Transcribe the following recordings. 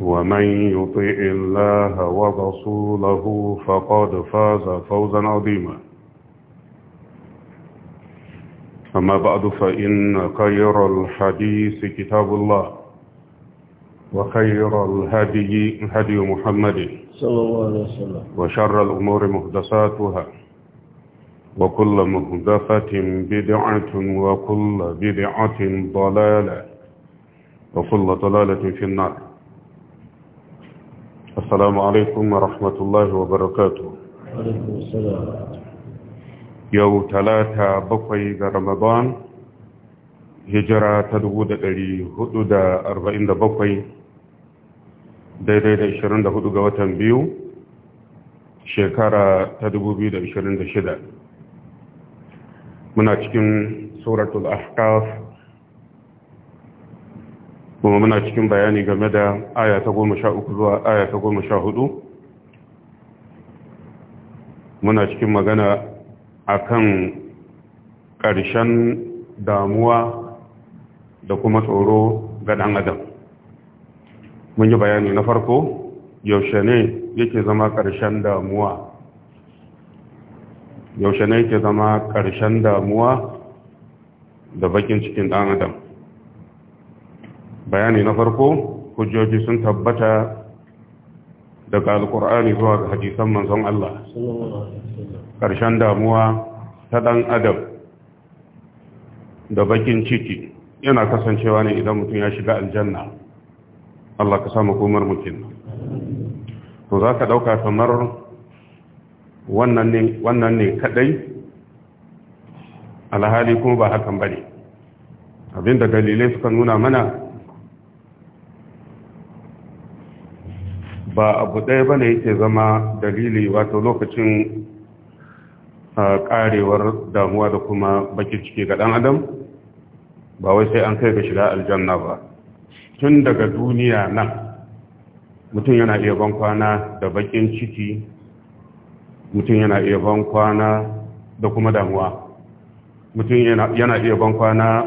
ومن يطع الله ورسوله فقد فاز فوزا عظيما أما بعد فإن خير الحديث كتاب الله وخير الهدي هدي محمد صلى الله عليه وسلم وشر الأمور محدثاتها وكل محدثة بدعة وكل بدعة ضلالة وكل ضلالة في النار السلام عليكم ورحمة الله وبركاته يو ثلاثة بقي رمضان هجرة تدود لي هدود أربعين بقي daidai da 24 ga watan biyu shekara ta 2026 muna cikin سورة الأحقاف kuma muna cikin bayani game da aya ta goma sha uku zuwa aya ta goma sha hudu muna cikin magana a kan ƙarshen damuwa da kuma tsoro ga ɗan adam mun yi bayani na farko yaushe ne yake zama ƙarshen damuwa yaushe ne yake zama ƙarshen damuwa da bakin cikin ɗan adam bayani na farko hujjoji sun tabbata daga alkur'ani zuwa ga hadisan manzon Allah Karshen damuwa ta ɗan adam da bakin ciki yana kasancewa ne idan mutum ya shiga aljanna Allah ka samu komar mutum to za ka ɗauka kamar wannan ne kaɗai alhali kuma ba hakan ba ne abinda dalilai suka nuna mana ba abu ɗaya ba ne yake zama dalili wato lokacin ƙarewar damuwa da kuma bakin ciki ga ɗan adam ba wai sai an kai ga shiga aljanna ba tun daga duniya nan mutum yana iya ban kwana da bakin ciki mutum yana iya ban kwana da kuma damuwa mutum yana iya ban kwana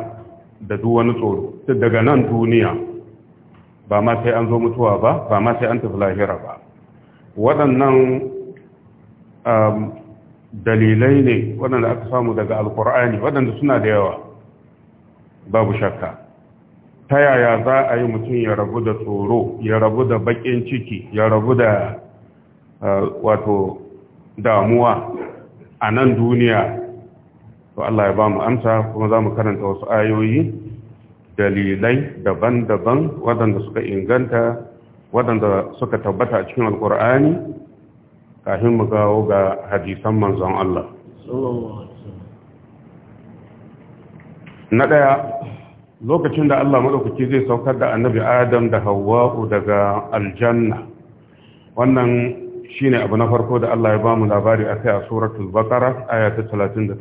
da duk wani tsoro daga nan duniya ba ma sai an zo mutuwa ba ba ma sai an tafi lahira ba waɗannan um, dalilai ne waɗanda aka samu daga alkur'ani waɗanda suna da yawa babu shakka ta yaya za a yi mutum ya rabu da tsoro ya rabu da baƙin ciki ya rabu da uh, wato damuwa a nan duniya to Allah ya ba mu amsa kuma za mu karanta wasu ayoyi dalilai daban-daban waɗanda suka inganta waɗanda suka tabbata a cikin alkur'ani kafin mu gawo ga hadisan manzon Allah na ɗaya lokacin da Allah maɗaukaki zai saukar da annabi Adam da Hawwa'u daga aljanna wannan shine abu na farko da Allah ya ba mu labari a kai a suratul baqara aya ta 38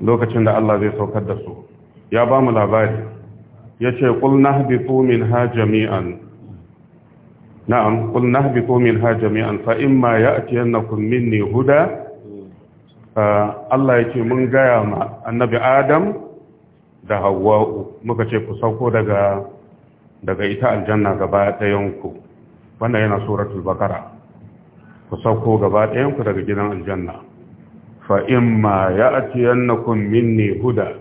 lokacin da Allah zai saukar da su ya ba mu labari ya ce ƙul na min ha jami'an na'am Kul na min ha jami'an fa'in ma ya ake minni huda Allah ya ce mun gaya ma annabi Adam da hawa muka ce ku sauko daga daga ita aljanna gaba ɗayanku wannan yana suratul bakara ku sauko gaba ɗayanku daga gidan aljanna fa imma ya'tiyannakum minni huda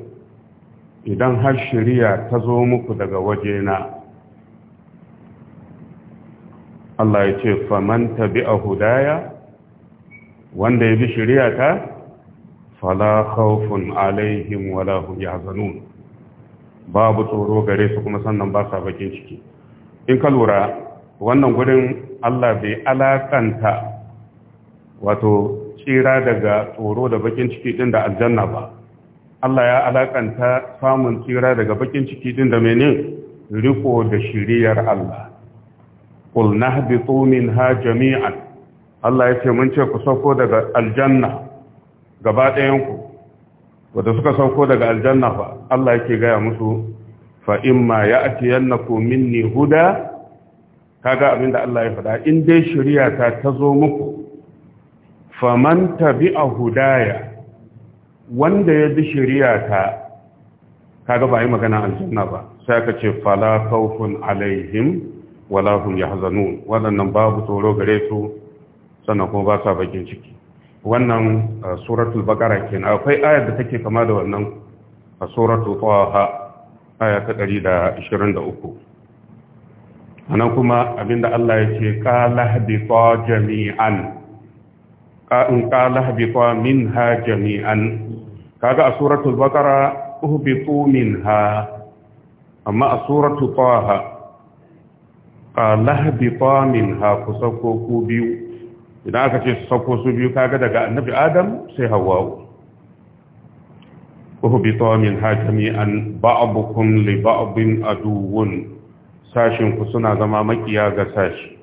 idan har shari'a ta zo muku daga waje na. Allah ya ce faman tabi'a hudaya wanda ya bi ta. fala khawfun alaihim wala hum yahzanun babu tsoro gare su kuma sannan ba sa bakin ciki in ka lura wannan gurin Allah bai alakanta wato tsira daga tsoro da bakin ciki din da aljanna ba Allah ya alakanta samun tsira daga bakin ciki din da mene riko da shiriyar Allah qul nahbitu minha jami'an Allah ya ce mun ce ku sauko daga aljanna gaba ɗayan ku wanda suka sauko daga aljanna fa Allah yake gaya musu fa imma ya'tiyannakum minni huda kaga abinda Allah ya faɗa in dai shari'a ta zo muku faman a hudaya wanda ya bi shari'ata kaga ba yi magana aljanna ba sai aka ce fala kaufun alaihim wala hum yahzanun wannan babu tsoro gare su sannan kuma ba sa bakin ciki wannan uh, suratul baqara kenan akwai ayar da take kama da wannan a suratul taha aya ta 123 anan kuma abinda Allah ya ce qala jami'an in qala habiqa minha jami'an kaga a suratul baqara uhbitu minha amma a suratul taha qala habiqa minha kusako ku biyu idan aka ce sako su biyu kaga daga annabi adam sai hawwa uhbita minha jami'an ba'dukum li ba'din aduwun sashin ku suna zama makiya ga sashi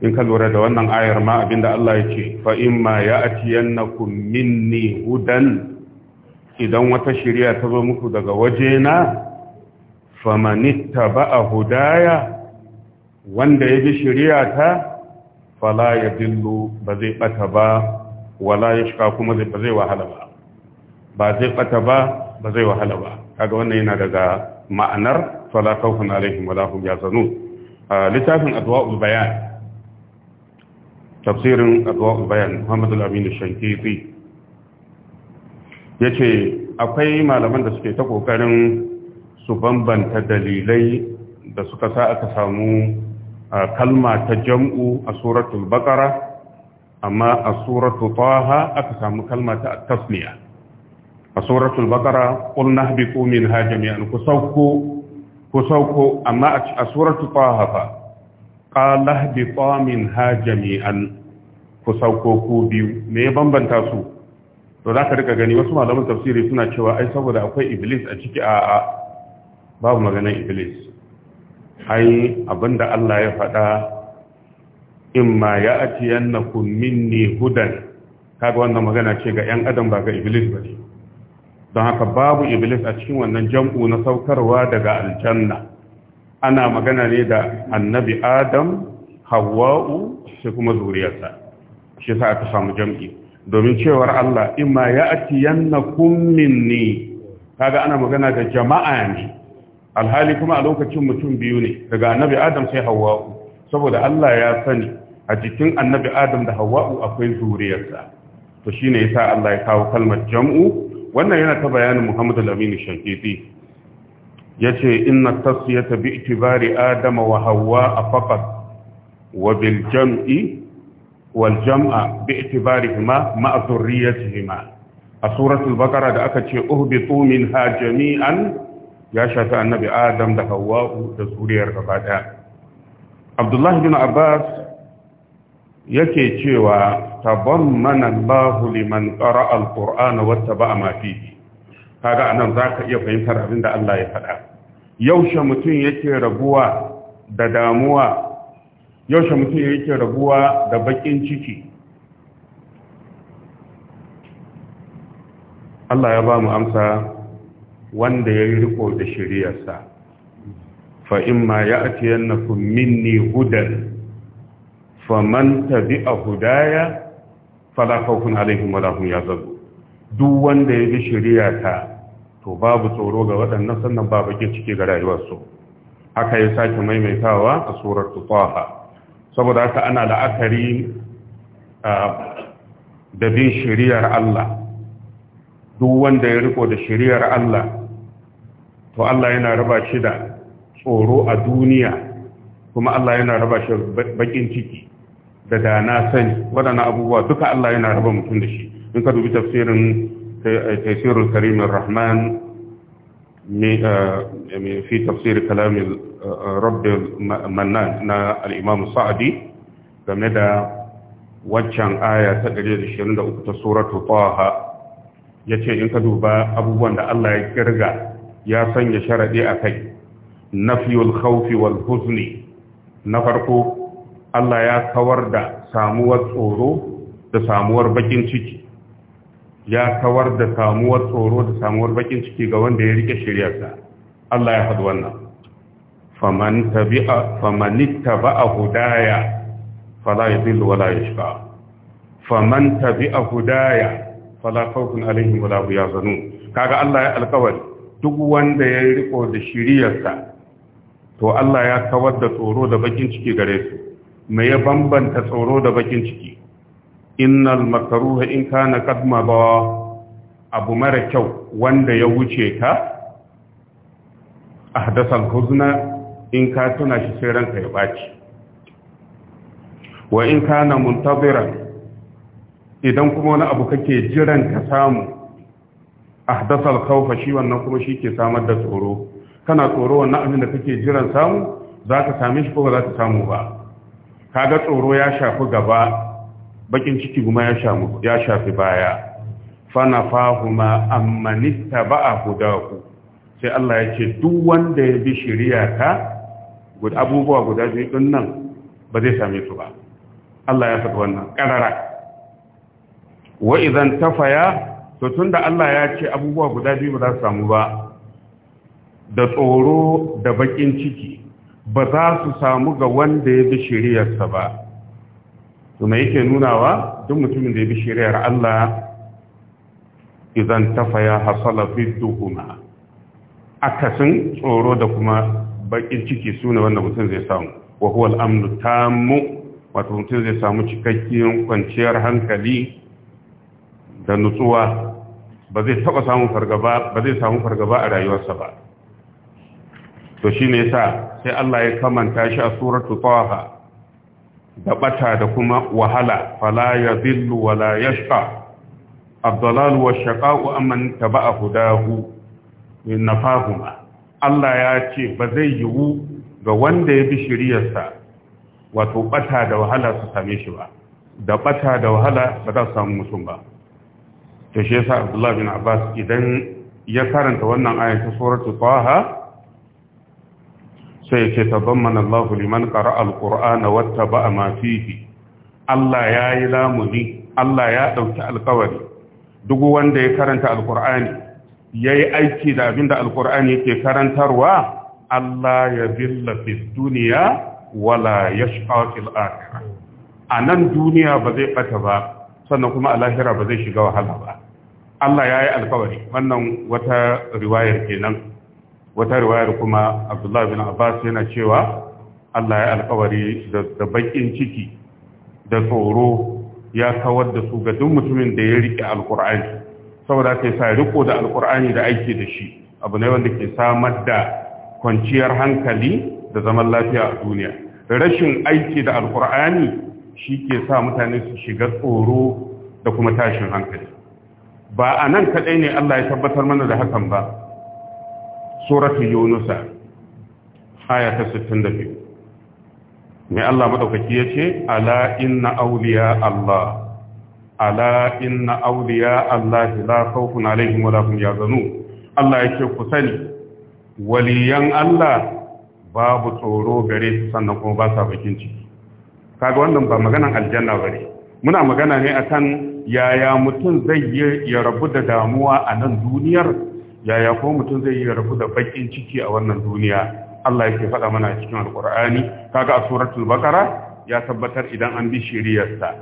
in ka lura da wannan ayar ma abinda Allah ya ce fa imma ya'tiyannakum minni hudan idan wata shari'a ta zo muku daga waje wajena famanittaba'a hudaya wanda ya bi ta, fala yadillu ba zai bata ba wala yashqa kuma zai ba zai wahala ba ba zai bata ba ba zai wahala ba kaga wannan yana daga ma'anar fala khawfun alaihim wala hum yahzanun littafin adwa'ul bayan tafsirin adwa'ul bayan Muhammadu al-Amin al-Shankiti yace akwai malaman da suke ta kokarin su bambanta dalilai da suka sa aka samu kalma ta jam'u a suratul baqara amma a suratul taha aka samu kalma ta tasniya a suratul baqara qul nahbitu minha jami'an kusauko kusauko amma a suratul taha fa qala bi qamin ha jami'an ku sauko ku biyu me ya bambanta su to zaka rika gani wasu malaman tafsiri suna cewa ai saboda akwai iblis a ciki a a babu maganar iblis ai abinda Allah ya faɗa imma ya atiyannakum minni hudan kaga wannan magana ce ga yan adam ba ga iblis ba ne don haka babu iblis a cikin wannan jam'u na saukarwa daga aljanna ana magana ne da annabi adam hawa'u sai kuma zuriyarsa shi sa aka samu jam'i domin cewar Allah imma ya yanna kummin ne kaga ana magana da jama'a ne alhali kuma a lokacin mutum biyu ne daga annabi adam sai hawa'u saboda Allah ya sani a jikin annabi adam da hawa'u akwai zuriyarsa to shi ne ya sa Allah ya kawo kalmar jam'u wannan yana ta bayanin Muhammadu lamini Shankiti yace inna tasfiyata bi itibari adama wa hawa faqat wa bil jam'i wal jam'a bi itibarihima ma zurriyatihima a suratul baqara da aka ce uhbitu minha jami'an ya shafi annabi adam da hawa da zuriyar gaba daya abdullah bin abbas yake cewa tabammana allah liman qara'a alqur'ana wattaba'a ma fihi kaga anan zaka iya fahimtar abin da Allah ya faɗa yaushe mutum yake rabuwa da damuwa yaushe mutum yake rabuwa da bakin ciki Allah ya ba mu amsa wanda ya yi riko da shiriyarsa fa ya ake yannakun minni hudan faman tabi a hudaya falakawukun alaihim wadahun ya zago duk wanda ya bi shiriyata to babu tsoro ga waɗannan sannan ba bakin ciki ga rayuwarsu haka ya sake maimaitawa a surar tutaha saboda haka ana la'akari da bin shiriyar Allah duk wanda ya riko da shiriyar Allah to Allah yana raba shi da tsoro a duniya kuma Allah yana raba shi bakin ciki da dana sani waɗannan abubuwa duka Allah yana raba mutum da shi in ka dubi tafsirin تيسير الكريم الرحمن tafsirin kalamin كلام رب na al'imam الإمام game da waccan aya ta 123 ta suratu taha yace in ka duba abubuwan da Allah ya kirga ya sanya sharadi akai nafyul khawfi wal huzni na farko Allah ya kawar da samuwar tsoro da samuwar bakin ciki ya kawar da samuwar tsoro da samuwar bakin ciki ga wanda ya rike shiryarsa Allah ya haɗu wannan faman tabi'a faman ittaba'a hudaya fala yadhillu wala yashqa faman tabi'a hudaya fala khawfun alaihim wala hum yahzanun kaga Allah ya alƙawari duk wanda ya riko da shiryarsa to Allah ya kawar da tsoro da bakin ciki gare su me ya bambanta tsoro da bakin ciki innal makaruha in kana kadma ba abu mara kyau wanda ya wuce ka ahdathal huzna in ka tuna shi sai ranka ya baci wa in kana muntaziran idan kuma wani abu kake jiran ka samu ahdasal kawfa shi wannan kuma shi ke samar da tsoro kana tsoro wannan abin da kake jiran samu Za ka same shi ko ba za ka samu ba kaga tsoro ya shafi gaba bakin ciki kuma ya shafi baya fana fahuma amma nista ba a hudahu sai Allah ya ce duk wanda ya bi shirya ta abubuwa guda biyu din nan ba zai same su ba Allah ya faɗi wannan ƙarara wa idan tafaya to tunda Allah ya ce abubuwa guda biyu ba za su samu ba da tsoro da bakin ciki ba za su samu ga wanda ya bi shiryarsa ba to me yake nunawa duk mutumin da ya bi shari'ar Allah idan tafaya hasala fi duhuma akasin tsoro da kuma bakin ciki sune wanda mutum zai samu wa huwa al-amnu tammu wato mutum zai samu cikakkiyar kwanciyar hankali da nutsuwa ba zai taba samu fargaba ba zai samu fargaba a rayuwarsa ba to shine yasa sai Allah ya kamanta shi a suratul taha da bata da kuma wahala fala ya yadhillu wala yashqa الضلال والشقاء أمن تبع hudahu من نفاهما Allah ya ce ba zai yiwu ga wanda ya bi shiriyarsa wato ɓata da wahala su same shi ba da ɓata da wahala ba za su samu mutum ba ta shi yasa Abdullah bin Abbas idan ya karanta wannan ayatu suratul Taha sai ce tazammana Allahu liman qara'a al-Qur'ana wattaba'a ma fihi Allah ya yi lamuni Allah ya ɗauki alƙawari duk wanda ya karanta al ya yayi aiki da abinda al-Qur'ani yake karantarwa Allah ya zilla fi dunya wala yashqa fil A anan duniya ba zai bata ba sannan kuma a lahira ba zai shiga wahala ba Allah ya yi alkawari wannan wata riwayar kenan wata riwayar kuma abdullahi bin abbas yana cewa allah ya alkawari da bakin ciki da tsoro ya kawar da su ga duk mutumin da ya riƙe alkur'ani saboda yi sa riko da alkur'ani da aiki da shi abu ne wanda ke samar da kwanciyar hankali da zaman lafiya a duniya rashin aiki da alkur'ani shi ke sa mutane su shiga tsoro da kuma tashin hankali ba a nan kaɗai ne allah ya tabbatar mana da hakan ba suratu yunusa aya ta 62 mai Allah madaukaki yace ala inna awliya Allah ala inna awliya Allah la khawfun alaihim wa la hum yahzanun Allah yake ku sani waliyan Allah babu tsoro gare su sannan kuma ba sa bakin ciki kaga wannan ba maganan aljanna bane muna magana ne akan yaya mutum zai yi ya rabu da damuwa a nan duniyar yaya ko mutum zai yi rabu da bakin ciki a wannan duniya Allah yake faɗa mana cikin alkur'ani kaga a suratul bakara ya tabbatar idan an bi sa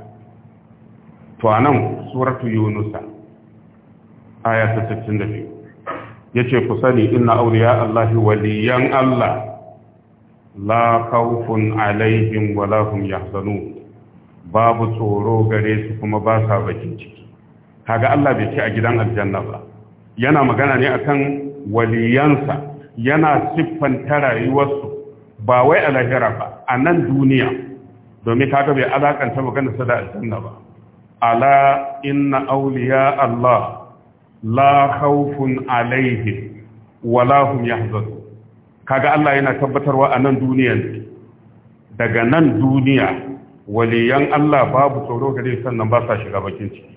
to anan suratul yunus aya ta 62 yace ku sani inna awliya Allahi! waliyan Allah la khawfun alaihim wala hum yahzanun babu tsoro gare su kuma ba sa bakin ciki kaga Allah bai ce a gidan aljanna ba yana magana ne akan waliyansa yana siffanta rayuwarsu ba wai a lahira ba a nan duniya domin ka kaga bai alakanta magana sa da aljanna ba ala inna awliya Allah la khawfun alaihim la hum yahzanun kaga Allah yana tabbatarwa a nan duniya daga nan duniya waliyan Allah babu tsoro dai sannan ba sa shiga bakin ciki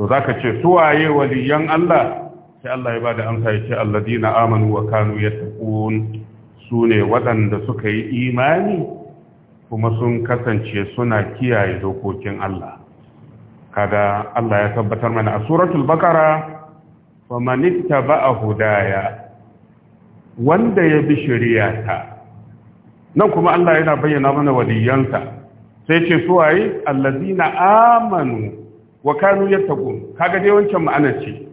to zaka ce su waye waliyan Allah sai Allah ya bada amsa ya ce alladina amanu wa kanu yattaqun sune waɗanda suka yi imani kuma sun kasance suna kiyaye dokokin Allah kaga Allah ya tabbatar mana a suratul baqara man ittaba'a hudaya wanda ya bi shari'ata nan kuma Allah yana bayyana mana waliyansa sai ce su waye, alladina amanu wa kanu yattaqun kaga dai wancan ma'anar ce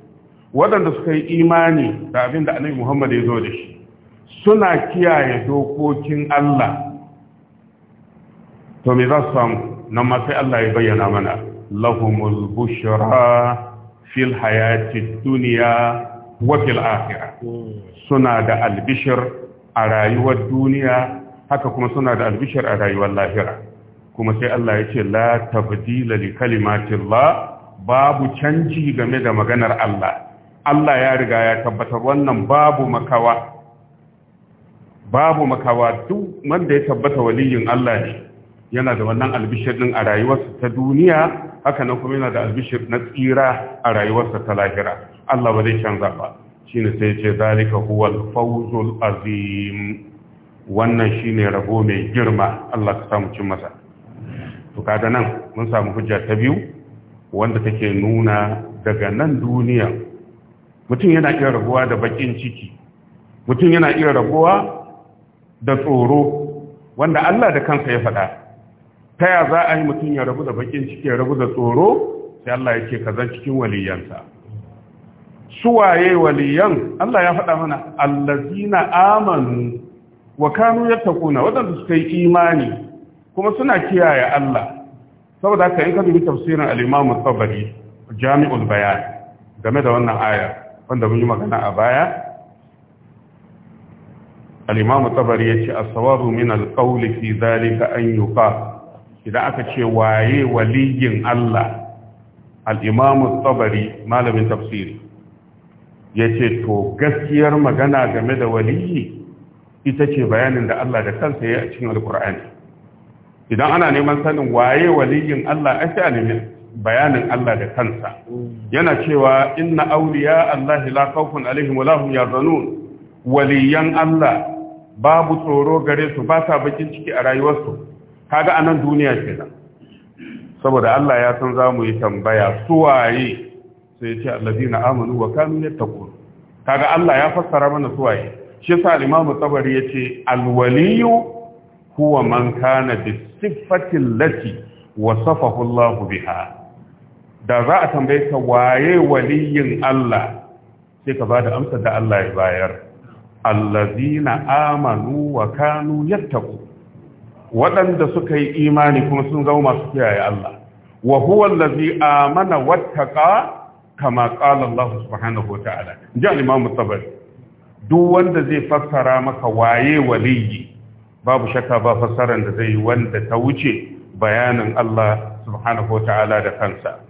waɗanda suka yi imani da abin da annabi Muhammad ya zo da shi suna kiyaye dokokin Allah to me za su samu nan ma sai Allah ya bayyana mana lahumul bushra fil hayati dunya wa fil akhirah suna da albishir a rayuwar duniya haka kuma suna da albishir a rayuwar lahira kuma sai Allah ya ce la tabdila li kalimatillah babu canji game da maganar Allah Allah ya riga ya tabbatar wannan babu makawa babu makawa duk wanda ya tabbata waliyin Allah ne yana da wannan albishir din a rayuwarsa ta duniya haka nan kuma yana da albishir na tsira a rayuwarsa ta lahira Allah ba zai canza ba shine sai ce zalika huwal fawzul azim wannan shine rabo mai girma Allah ka samu cin masa to kaga nan mun samu hujja ta biyu wanda take nuna daga nan duniya mutum yana iya rabuwa da bakin ciki mutum yana iya rabuwa da tsoro wanda Allah da kansa ya faɗa ta ya za a yi mutum ya rabu da bakin ciki ya rabu da tsoro sai Allah ya ce ka zan cikin waliyansa waye waliyan Allah ya faɗa mana allazina amanu wa kanu yattaquna wadanda suka yi imani kuma suna kiyaye Allah saboda haka in ka dubi tafsirin al-Imam Tabari Jami'ul Bayan game da wannan aya wanda mun yi magana a baya al-imam tabari yace as-sawabu min al-qawli fi dhalika an yuqa idan aka ce waye waliyin Allah al-imam tabari malamin tafsiri yace to gaskiyar magana game da waliyi ita ce bayanin da Allah da kansa ya yi a cikin al-Qur'ani idan ana neman sanin waye waliyin Allah ai nemi bayanin Allah da kansa yana cewa inna awliya Allah la khawfun alaihim wa lahum yahzanun waliyan Allah babu tsoro gare su ba sa bakin ciki a rayuwarsu kaga anan duniya kenan saboda Allah ya san zamu yi tambaya su waye sai ce allazina amanu wa kanu yattaqun kaga Allah ya fassara mana su waye shi yasa imamu Tabari yace al-waliyu huwa man kana bi lati wasafahu Allahu biha da za a tambaye ka waye waliyin Allah sai ka bada amsar da Allah ya bayar allazina amanu wa kanu yattaqu waɗanda suka yi imani kuma sun zama masu kiyaye Allah wa huwa allazi amana wattaqa kama qala Allah subhanahu wa ta'ala ja imam tabari duk wanda zai fassara maka waye waliyi babu shakka ba fassaran da zai yi wanda ta wuce bayanin Allah subhanahu wa ta'ala da kansa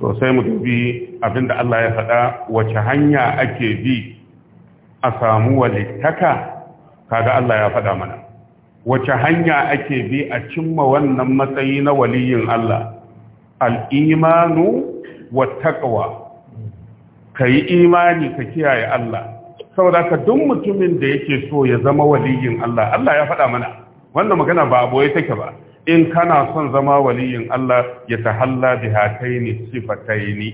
to sai mu dubi abinda Allah ya faɗa wace hanya ake bi a samu walittaka kaga Allah ya faɗa mana wace hanya ake bi a cimma wannan matsayi na waliyin Allah al'imanu wa taqwa kai imani ka kiyaye Allah saboda ka duk mutumin da yake so ya zama waliyin Allah Allah ya faɗa mana wannan magana ba aboye take ba in kana son zama waliyin Allah ya ta tahalla bi hataini sifataini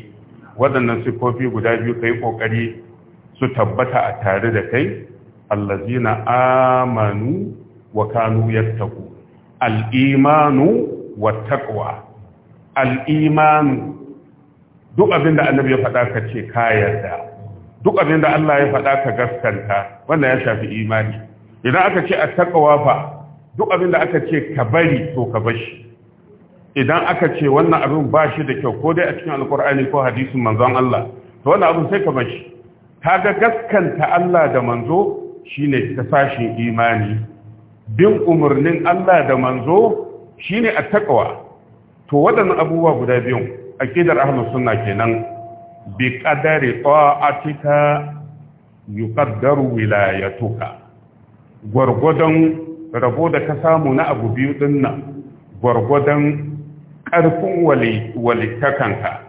waɗannan sifofi guda biyu kai ƙoƙari su tabbata a tare da kai allazina amanu wa kanu yattaqu al-imanu wa taqwa al-imanu duk abinda annabi ya faɗa ka ce ka yarda duk abinda Allah ya faɗa ka gaskanta wannan ya shafi imani idan aka ce a taqwa fa duk abin da aka ce ka bari to ka bashi idan aka ce wannan abin ba shi da kyau ko dai a cikin alkur'ani ko hadisin manzon Allah to wannan abin sai ka bashi kaga gaskanta Allah da manzo shine ta sashin imani bin umarnin Allah da manzo shine attaqwa to waɗannan abubuwa guda biyu aqidar ahlus sunna kenan bi qadari ta'atika yuqaddaru wilayatuka gwargwadon rabo da ka samu na abu biyu din nan gwargwadon ƙarfin walittakanka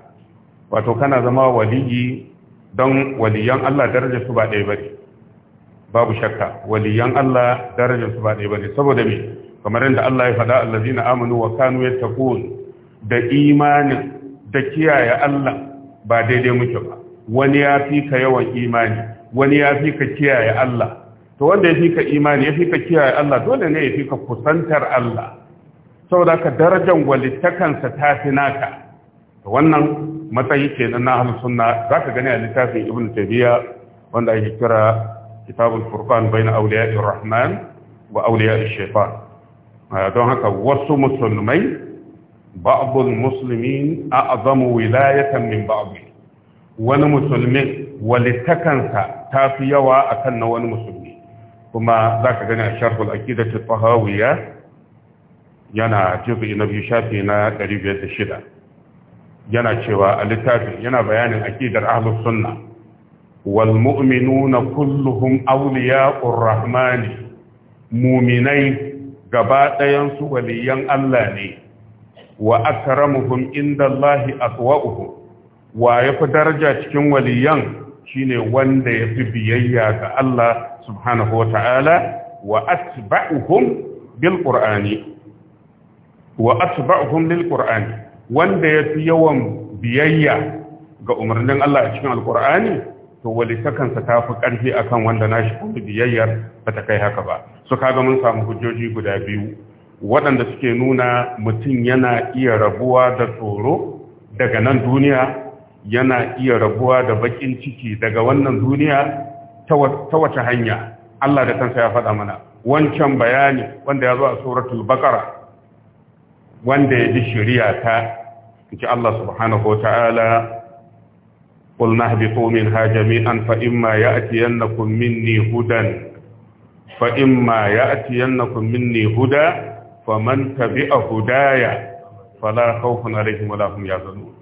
wato kana zama waliyi don waliyan Allah darajar su ba ɗaya ba ne babu shakka waliyan Allah darajar su ba ɗaya ba ne saboda me kamar yadda Allah ya faɗa zina amanu wa kanu yattaqun da imanin da kiyaye Allah ba daidai muke ba wani ya fi ka yawan imani wani ya fi ka kiyaye Allah to wanda ya fi ka imani ya fi ka kiyaye Allah dole ne ya fi ka kusantar Allah saboda ka darajar walittakansa ta fi naka wannan matsayi kenan na ahlus sunna zaka gani a littafin ibn tabiya wanda ake kira kitabul furqan bayna awliya'ir rahman wa awliya'ish shaytan ah, don haka wasu musulmai ba'dul muslimin a'zamu wilayatan min ba'd wani musulmi walittakansa tafi yawa akan na wani musulmi kuma za ka gani a sharhul akidatul tahawiyya yana juz'i na biyu shafi na 506 yana cewa a littafin yana bayanin akidar ahlus sunna wal mu'minuna kulluhum awliya'ur rahmani mu'minai gaba ɗayan su waliyan Allah ne wa akramuhum indallahi atwa'uhum wa yafi daraja cikin waliyan shine wanda ya fi biyayya ga Allah subhanahu wa ta'ala wa atba'uhum bil wa wanda ya fi yawan biyayya ga umarnin Allah a cikin alqur'ani to takansa ta fi ƙarfi akan wanda nashi kuma biyayyar ba ta kai haka ba su kaga mun samu hujjoji guda biyu waɗanda suke nuna mutum yana iya rabuwa da tsoro daga nan duniya yana iya rabuwa da bakin ciki daga wannan duniya ta wata hanya Allah da kansa ya faɗa mana wancan bayani wanda ya zo a suratul baqara wanda ya ji shari'a ta inji Allah subhanahu wataala qul nahbitu minha jami'an fa imma ya'tiyannakum minni hudan fa imma ya'tiyannakum minni huda faman tabi'a hudaya fala khawfun alaihim wala hum yahzanun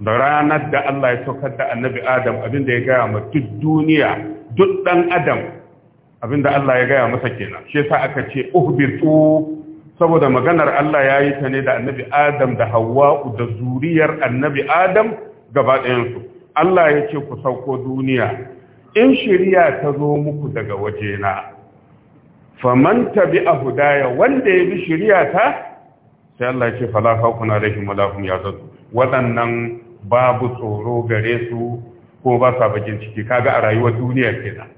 da ranar da Allah ya saukar da annabi Adam abinda ya gaya ma duk duniya duk dan Adam abinda Allah ya gaya masa kenan shi yasa aka ce uhbitu saboda maganar Allah ya yi ta ne da annabi Adam da Hawwa'u da zuriyar annabi Adam gaba ɗayan su Allah ya ce ku sauko duniya in shiriya ta zo muku daga wajena faman tabi'a hudaya wanda ya bi shiriya ta sai Allah ya ce fala kuna alaihim wala hum yahzanun waɗannan babu tsoro gare su ko ba sa bakin ciki kaga a rayuwar duniya kenan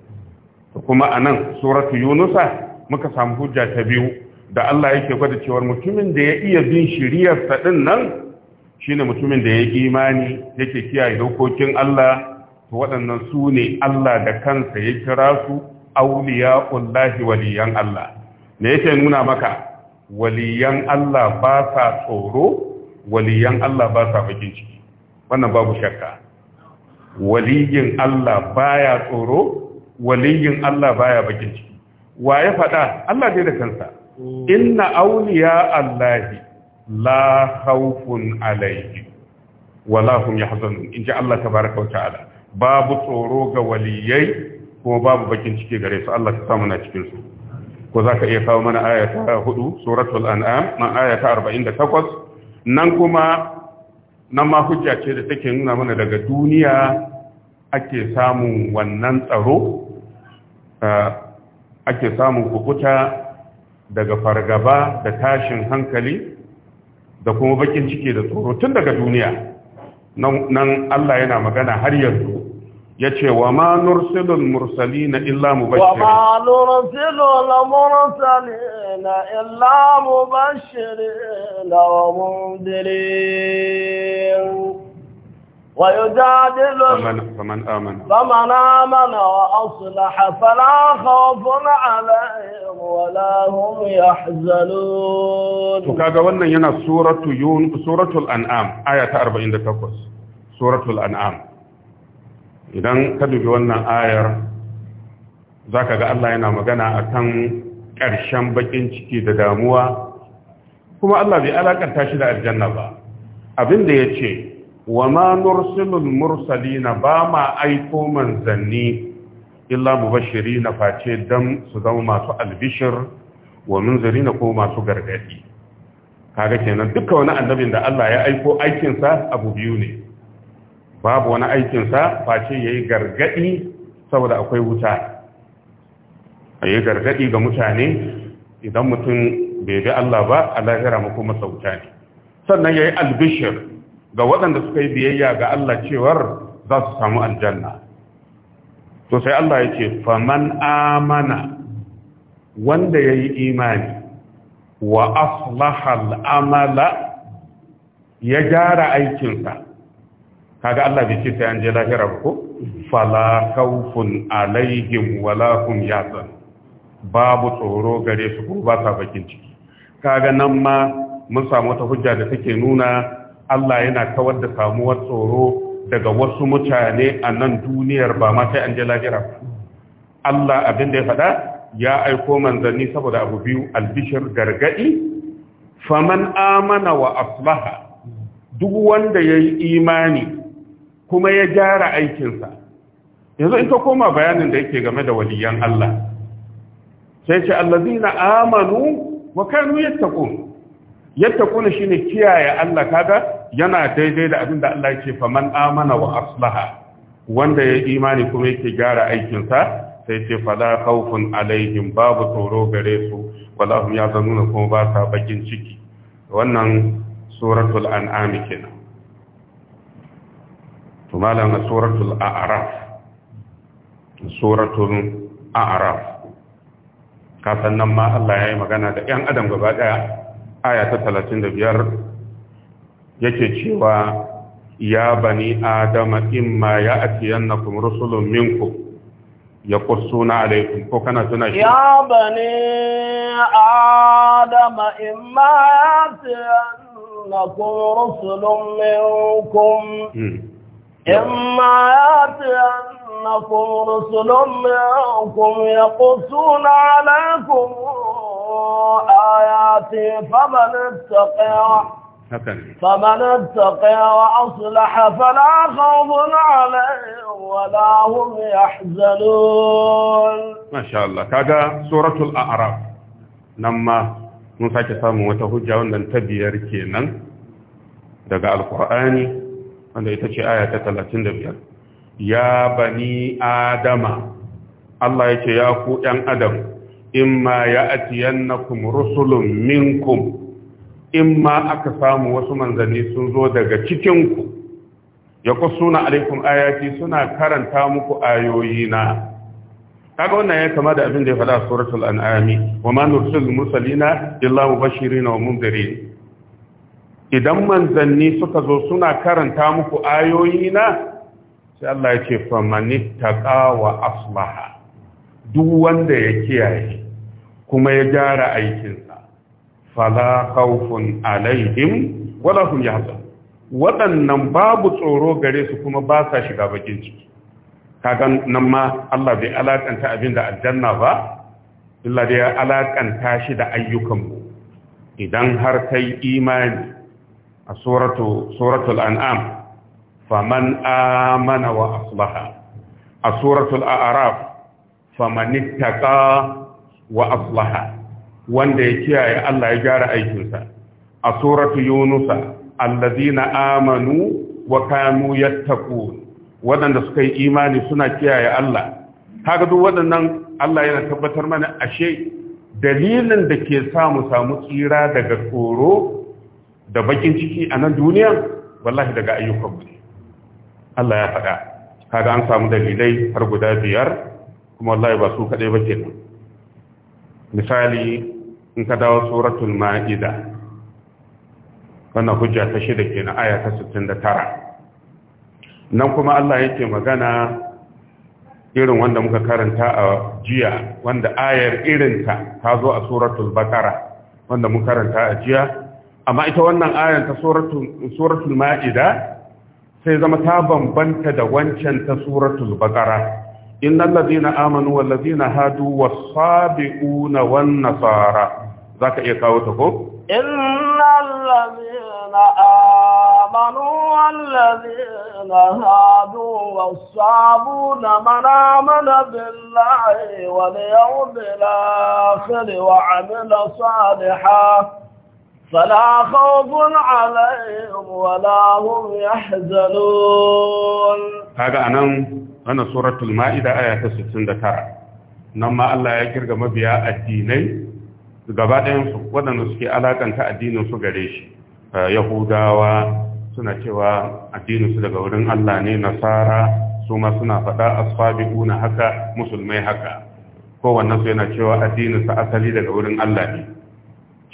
kuma anan suratu yunusa muka samu hujja ta biyu da Allah yake gwada cewa mutumin da ya iya bin shiriyar sa din nan shine mutumin da ya imani yake kiyaye dokokin Allah to waɗannan su ne Allah da kansa ya kira su awliya'ullahi waliyan Allah me yake nuna maka waliyan Allah ba sa tsoro waliyan Allah ba sa bakin ciki wannan babu shakka waliyin Allah baya tsoro waliyin Allah baya bakin ciki wa ya faɗa Allah dai da kansa inna awliya allahi la khawfun alayhi wa la inji Allah tabaraka wa ta'ala babu tsoro ga waliyai ko babu bakin ciki gare su Allah ta samu na cikin su ko zaka iya kawo mana aya ta 4 suratul an'am ma aya ta 48 nan kuma nan ma hujja ce da take nuna mana daga duniya ake samun wannan tsaro ake samun kukuta daga fargaba da tashin hankali da kuma bakin ciki da tsoro tun daga duniya nan Allah yana magana har yanzu yace wa ma nursilul mursalina illa mubashirin wa ma nursilul mursalina illa mubashirin wa mundirin ويجادل فمن, فمن آمن فمن آمن وأصلح فلا خوف عليهم ولا هم يحزنون وكذا وانا هنا سورة يون سورة الأنعام آية 48 سورة الأنعام idan ka dubi wannan ayar za ka ga Allah yana magana a kan ƙarshen baƙin ciki da damuwa kuma Allah bai alaƙanta shi da aljanna ba abinda ya ce wa ma nursilul mursalina ba ma aiko manzanni illa mubashiri na face dan su zama masu albishir wa munzari na ko masu gargadi kaga kenan duka wani annabin da Allah ya aiko aikinsa abu biyu ne babu wani aikinsa face ya yi gargaɗi saboda akwai wuta a yi gargaɗi ga mutane idan mutum bai bi Allah ba a lahira masa wuta ne sannan ya yi albishir ga waɗanda suka yi biyayya ga Allah cewar za su samu aljanna to sai Allah ya ce faman amana wanda ya yi imani wa aslahal amala ya gyara aikinsa kaga Allah bai ce sai an je lahira ba ko fala khawfun alaihim wala hum babu tsoro gare su ko ba sa bakin ciki kaga nan ma mun samu wata hujja da take nuna Allah yana kawar da samuwar tsoro daga wasu mutane a nan duniyar ba ma sai an je lahira Allah abin da ya faɗa ya aiko manzanni saboda abu biyu albishir gargadi faman amana wa aslaha duk wanda yayi imani kuma ya gyara aikinsa yanzu in ka koma bayanin da yake game da waliyan Allah sai ce zina amanu wa kanu na shi ne kiyaye Allah kaga yana daidai da abin da Allah yake faman amana wa aslaha wanda ya imani kuma yake gyara aikinsa sai ce fada kaufin alaihim babu tsoro gare su wala hum zanuna kuma ba sa bakin ciki wannan suratul an'am kenan to malam na suratul a'raf suratul a'raf Ka nan ma Allah ya yi magana da ƴan adam gaba daya aya ta 35 yake cewa ya bani adama imma ya ya'tiyannakum rusulun minkum يقصون عليكم وكان تناشي يا بني آدم إما يأتينكم رسل منكم م. إما يأتينكم رسل منكم يقصون عليكم آياتي فمن اتقى فمن اتقى وأصلح فلا خوف عليهم ولا هم يحزنون ما شاء الله كذا سورة الأعراف لما mun سامو وتهجون لن hujja wannan ta القرآن wanda ita ce aya ta 35 ya bani adama Allah ya ce ya ku ɗan adam imma ya atiyannakum rusulun minkum imma aka samu wasu manzanni sun zo daga cikinku ya na alaikum ayati suna karanta muku ayoyina kaga wannan ya kama da abin da ya faɗa suratul an'ami wa ma nursilul mursalina illa mubashirin wa mundirin idan manzanni suka zo suna karanta muku ayoyi na sai Allah ya ce famani taqa wa aslaha duk wanda ya kiyaye kuma ya gyara aikinsa fala khawfun alaihim wala hum yahzan Wadannan babu tsoro gare su kuma ba sa shiga bakin ciki kaga nan ma Allah bai alakanta abinda da aljanna ba illa dai ya alakanta shi da ayyukan mu idan har kai imani a suratul an'am faman amana wa aslaha a suratul a'raf faman wa aslaha wanda ya kiyaye Allah ya gyara aikinsa a suratu yunusa allazina amanu wa kanu yattaqun wadanda suka yi imani suna kiyaye Allah Haka duk wadannan Allah yana tabbatar mana ashe dalilin da ke samu samu tsira daga tsoro da bakin ciki a nan duniya wallahi daga ayyukan ne Allah ya faɗa kaga an samu dalilai har guda biyar kuma wallahi ba su kaɗai ba ke nan misali in ka dawo suratul ma'ida wannan hujja ta shida ke na aya ta 69 nan kuma Allah yake magana irin wanda muka karanta a jiya wanda ayar irinta ta zo a suratul bakara wanda muka karanta a jiya amma ita wannan ayar ta suratul ma'ida sai zama ta bambanta da wancan ta suratul baqara innal ladina amanu wal ladina hadu was wan-nasara zaka iya kawo ta ko innal ladina amanu wal ladina hadu was-sabuna man amana billahi wal yawmil akhir wa amila salihan فلا خوف عليهم ولا هم يحزنون هذا أنا أنا سورة المائدة آية 69 nan ma Allah ya kirga mabiya addinai gaba ɗayansu waɗanda suke alakanta addininsu gare shi eh, yahudawa suna cewa addinin su daga wurin Allah ne nasara su ma suna faɗa na haka musulmai haka kowannensu yana cewa addinin su asali daga wurin Allah ne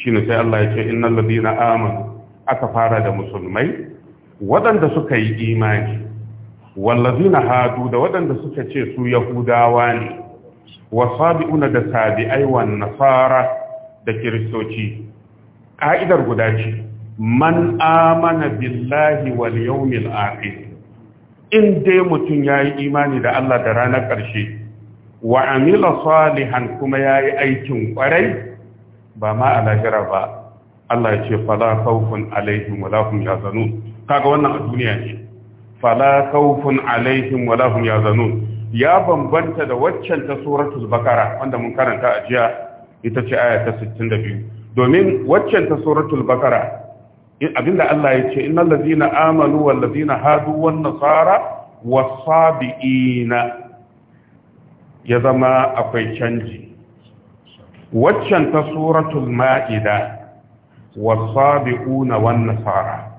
ne sai Allah ya ce innal ladina amanu aka fara da musulmai waɗanda suka yi imani wallazina hadu da waɗanda suka ce su yahudawa ne wasabi'una da sabi'ai wan nasara da kiristoci ka'idar guda ce man amana billahi wal yawmil akhir in dai mutum yayi imani da Allah da ranar ƙarshe wa amila salihan kuma yayi aikin ƙwarai ba ma ala jira ba Allah ya ce fala khawfun alaihim wala hum yahzanun kaga wannan a duniya ne fala khawfun alaihim wala hum yahzanun ya bambanta da waccan ta suratul bakara wanda mun karanta a jiya ita ce aya ta 62 domin waccan ta suratul bakara abinda Allah ya ce innal ladina amanu wal ladina hadu wan nasara was sabiina ya zama akwai canji waccan ta suratul ma'ida wasabi'una wan nasara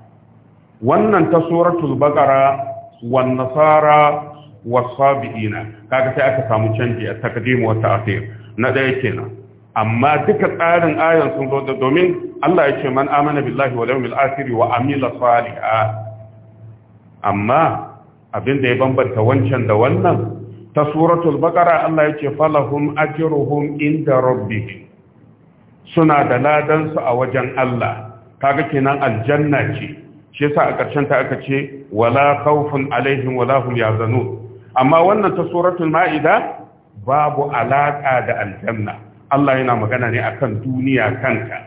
wannan ta suratul baqara wan nasara wasabi'ina kaga sai aka samu canji a takdimu wa ta'khir na ɗaya kenan amma duka tsarin ayan sun zo da domin Allah ya ce man amana billahi wa yawmil asiri wa amila salihan amma abinda ya bambanta wancan da wannan ta suratul baqara Allah yace falahum ajruhum inda rabbik suna da ladan su a wajen Allah kaga kenan aljanna ce shi yasa a karshen ta aka ce wala khawfun alaihim wala hum yazanun amma wannan ta suratul ma'ida babu alaka da aljanna Allah yana magana ne akan duniya kanka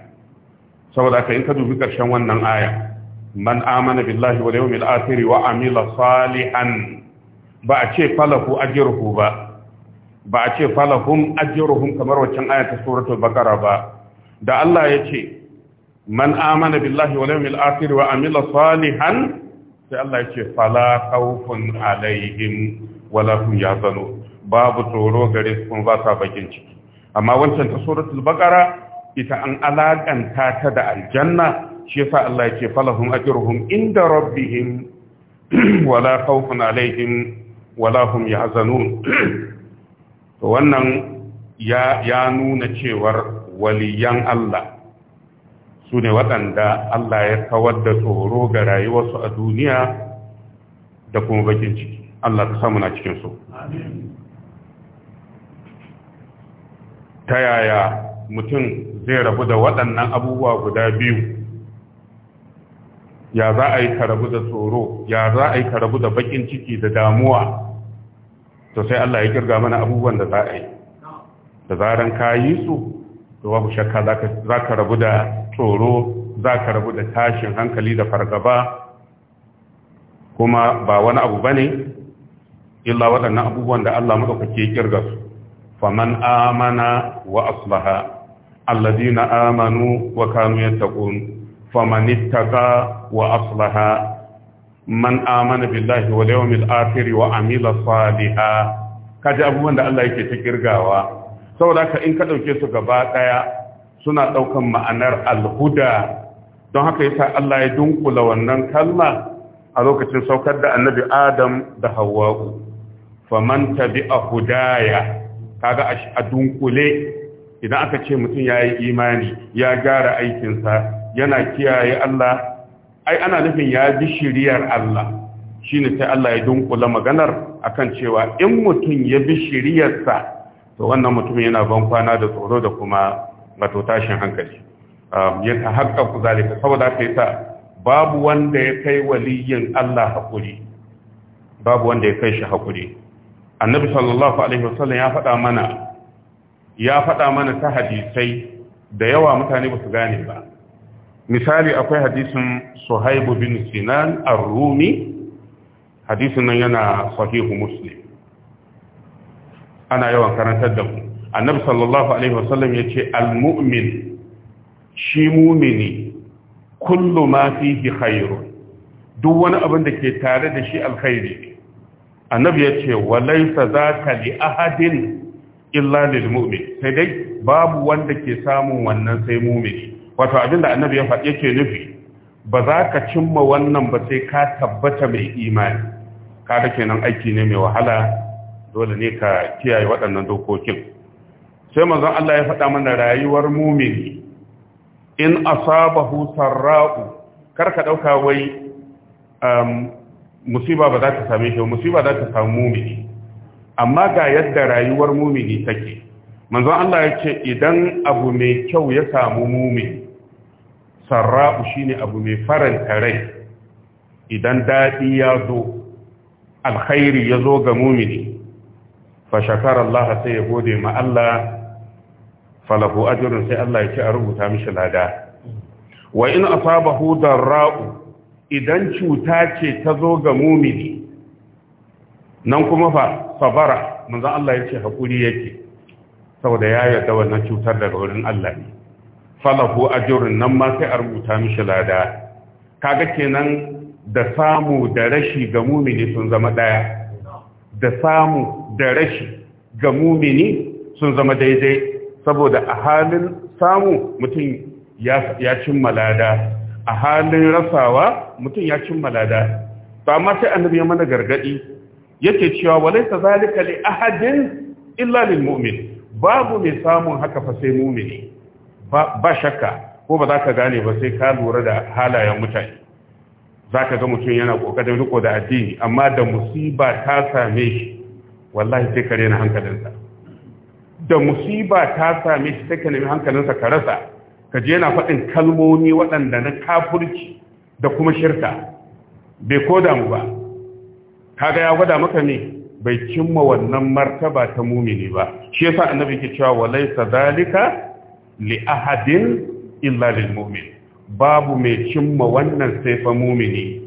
saboda ka in ka dubi ƙarshen wannan aya man amana billahi wal yawmil akhir wa amila salihan ba a ce falahu ajruhu ba ba a ce falahum ajruhum kamar waccan aya ta suratul baqara ba da Allah ya ce man amana billahi wal yawmil akhir wa amila salihan sai Allah ya ce fala khawfun alaihim wala hum yahzanun babu tsoro gare su kuma ba sa bakin ciki amma wancan ta suratul baqara ita an alakanta ta da aljanna shi yasa Allah ya yake falahum ajruhum inda rabbihim wala khawfun alaihim wala hum yahzanun to wannan ya ya nuna cewar waliyan Allah su ne waɗanda Allah ya kawar da tsoro ga rayuwarsu a duniya da kuma bakin ciki Allah ta samu na cikin su ta yaya mutum zai rabu da waɗannan abubuwa guda biyu ya za a yi ka rabu da tsoro ya za a yi ka rabu da bakin ciki da damuwa to sai Allah ya kirga mana abubuwan da za a yi da zaran ka yi su to babu shakka za ka rabu da tsoro za ka rabu da tashin hankali da fargaba kuma ba wani abu ba ne illa waɗannan abubuwan da Allah fake kirga su faman amana wa aslaha alladina amanu wa kanu yattaqun فمن اتقى وأصلح من آمن بالله واليوم الآخر وعمل صالحا kaji abubuwan da Allah yake ta kirgawa saboda haka in ka ɗauke su gaba ɗaya, suna ɗaukan ma'anar alhuda don haka yasa Allah ya dunkula wannan kalma a lokacin saukar da annabi Adam da Hawwa'u faman a hudaya kaga a dunkule idan aka ce mutum yayi imani ya gyara aikinsa yana kiyaye Allah ai ana nufin ya bi shiriyar Allah shine sai Allah ya dunkula maganar akan cewa in mutum ya bi shiriyarsa to wannan mutum yana ban kwana da tsoro da kuma wato tashin hankali um, ya ta hakka ku zalika saboda haka ta babu wanda ya kai waliyin Allah hakuri babu wanda ya kai shi hakuri annabi sallallahu alaihi wasallam ya faɗa mana ya faɗa mana ta hadisai da yawa mutane ba su gane ba misali akwai hadisin suhaibu bin sinan ar-rumi hadisin nan yana sahihu muslim ana yawan karantar da mu annabi sallallahu alaihi wasallam yace al-mu'min shi mu'mini kullu ma fihi khairun duk wani abin da ke tare da shi alkhairi annabi yace walaysa zaka li ahadin illa lil mu'min sai dai babu wanda ke samun wannan sai mu'mini wato da annabi ya faɗi yake nufi ba za ka cimma wannan ba sai ka tabbata mai imani da kenan aiki ne mai wahala dole ne ka kiyaye waɗannan dokokin sai manzon Allah ya faɗa mana rayuwar mumini in asabahu sarra'u kar ka ɗauka wai um, musiba ba za ta same shi musiba za ta samu mumini amma ga yadda rayuwar mumini take manzon Allah ya ce idan abu mai kyau ya samu mumini sarra'u shine abu mai faranta rai idan daɗi ya zo alkhairi ya zo ga mumini fa shakara Allah sai ya gode ma Allah falahu ajrun sai Allah ya ce a rubuta mishi lada wa in asabahu darra'u idan cuta ce ta zo ga mumini nan kuma fa sabara manzon Allah ya ce hakuri yake saboda ya yarda wannan cutar daga wurin Allah ne falahu ajrun nan ma sai a rubuta mishi lada kaga kenan da samu da rashi ga mumini sun zama daya da samu da rashi ga mumini sun zama daidai saboda a halin samu mutum ya cimma lada a halin rasawa mutum ya cimma lada ba ma sai annabi ya mana gargadi yake cewa walaita zalika li ahadin illa lil mu'min babu mai samun haka fa sai mumini ba shakka ko ba za ka gane ba sai ka lura da halayen mutane za ka ga mutum yana ƙoƙarin riko da addini amma da musiba ta same shi wallahi sai ka rena hankalinsa da musiba ta same shi sai ka nemi hankalinsa ka rasa ka je yana faɗin kalmomi waɗanda na kafurci da kuma shirka bai ko damu ba Ka ga ya gwada maka ne bai cimma wannan martaba ta mumini ba shi yasa annabi ke cewa walaysa zalika li ahadin illa mu'min babu mai cimma wannan sai fa mu'mini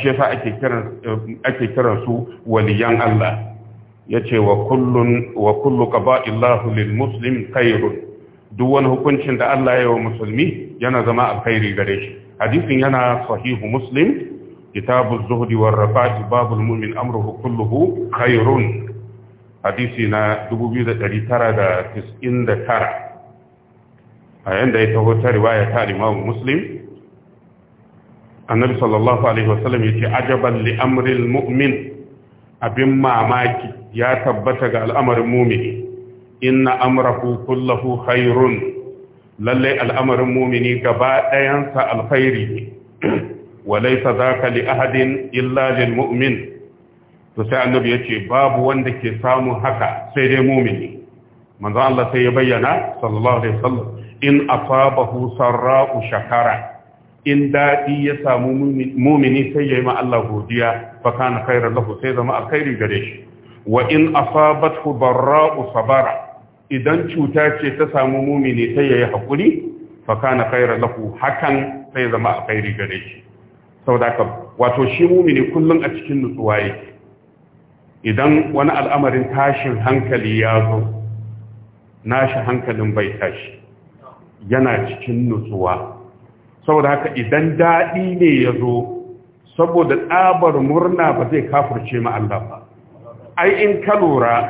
shi ake kiransu ake kiran su waliyan Allah yace wa kullun wa kullu qada'illahu lil muslim khairun duk hukuncin da Allah ya wa musulmi yana zama alkhairi gare shi hadisin yana sahihu muslim kitabu zuhdi war rafa'i babul mu'min amruhu kulluhu da hadisi na 2999 a yadda ya taho ta riwaya ta limamu muslim annabi sallallahu alaihi wasallam ya ce ajaban li mu'min abin mamaki ya tabbata ga al'amarin mumini inna amrahu kullahu khairun lallai al'amarin mumini gaba ɗayansa alkhairi ne wa zaka li ahadin illalin lil mu'min to sai annabi yace babu wanda ke samun haka sai dai mumini manzo Allah sai ya bayyana sallallahu alaihi wasallam in afabahu sarra'u shakara in daɗi ya samu mumini sai ya yi ma godiya fa kana khairan lahu sai zama alkhairi gare shi wa in asabathu barra'u sabara idan cuta ce ta samu mumini sai ya yi hakuri fa kana khairan lahu hakan sai zama alkhairi gare shi saboda wato shi mumini kullum a cikin nutsuwa yake idan wani al'amarin tashin hankali ya zo nashi hankalin bai tashi yana cikin nutsuwa saboda haka idan daɗi ne ya zo saboda tsabar murna ba zai kafurce ma Allah ba ai in ka lura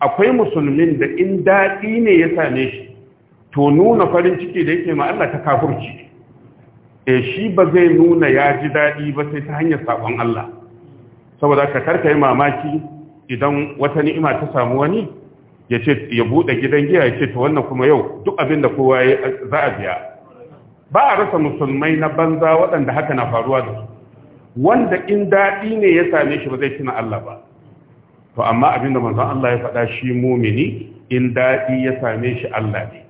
akwai musulmin da in daɗi ne ya same shi to nuna farin ciki da yake ma Allah ta kafurci e shi ba zai nuna ya ji daɗi ba sai ta hanyar sabon Allah saboda ka karka yi mamaki idan wata ni'ima ta samu wani ya ce ya bude gidan giya ya ce to wannan kuma yau duk abinda kowa ya za a biya ba a rasa musulmai na banza waɗanda haka na faruwa da su wanda in daɗi ne ya same shi ba zai tuna Allah ba to amma abin da manzon Allah ya faɗa shi mumini in daɗi ya same shi Allah ne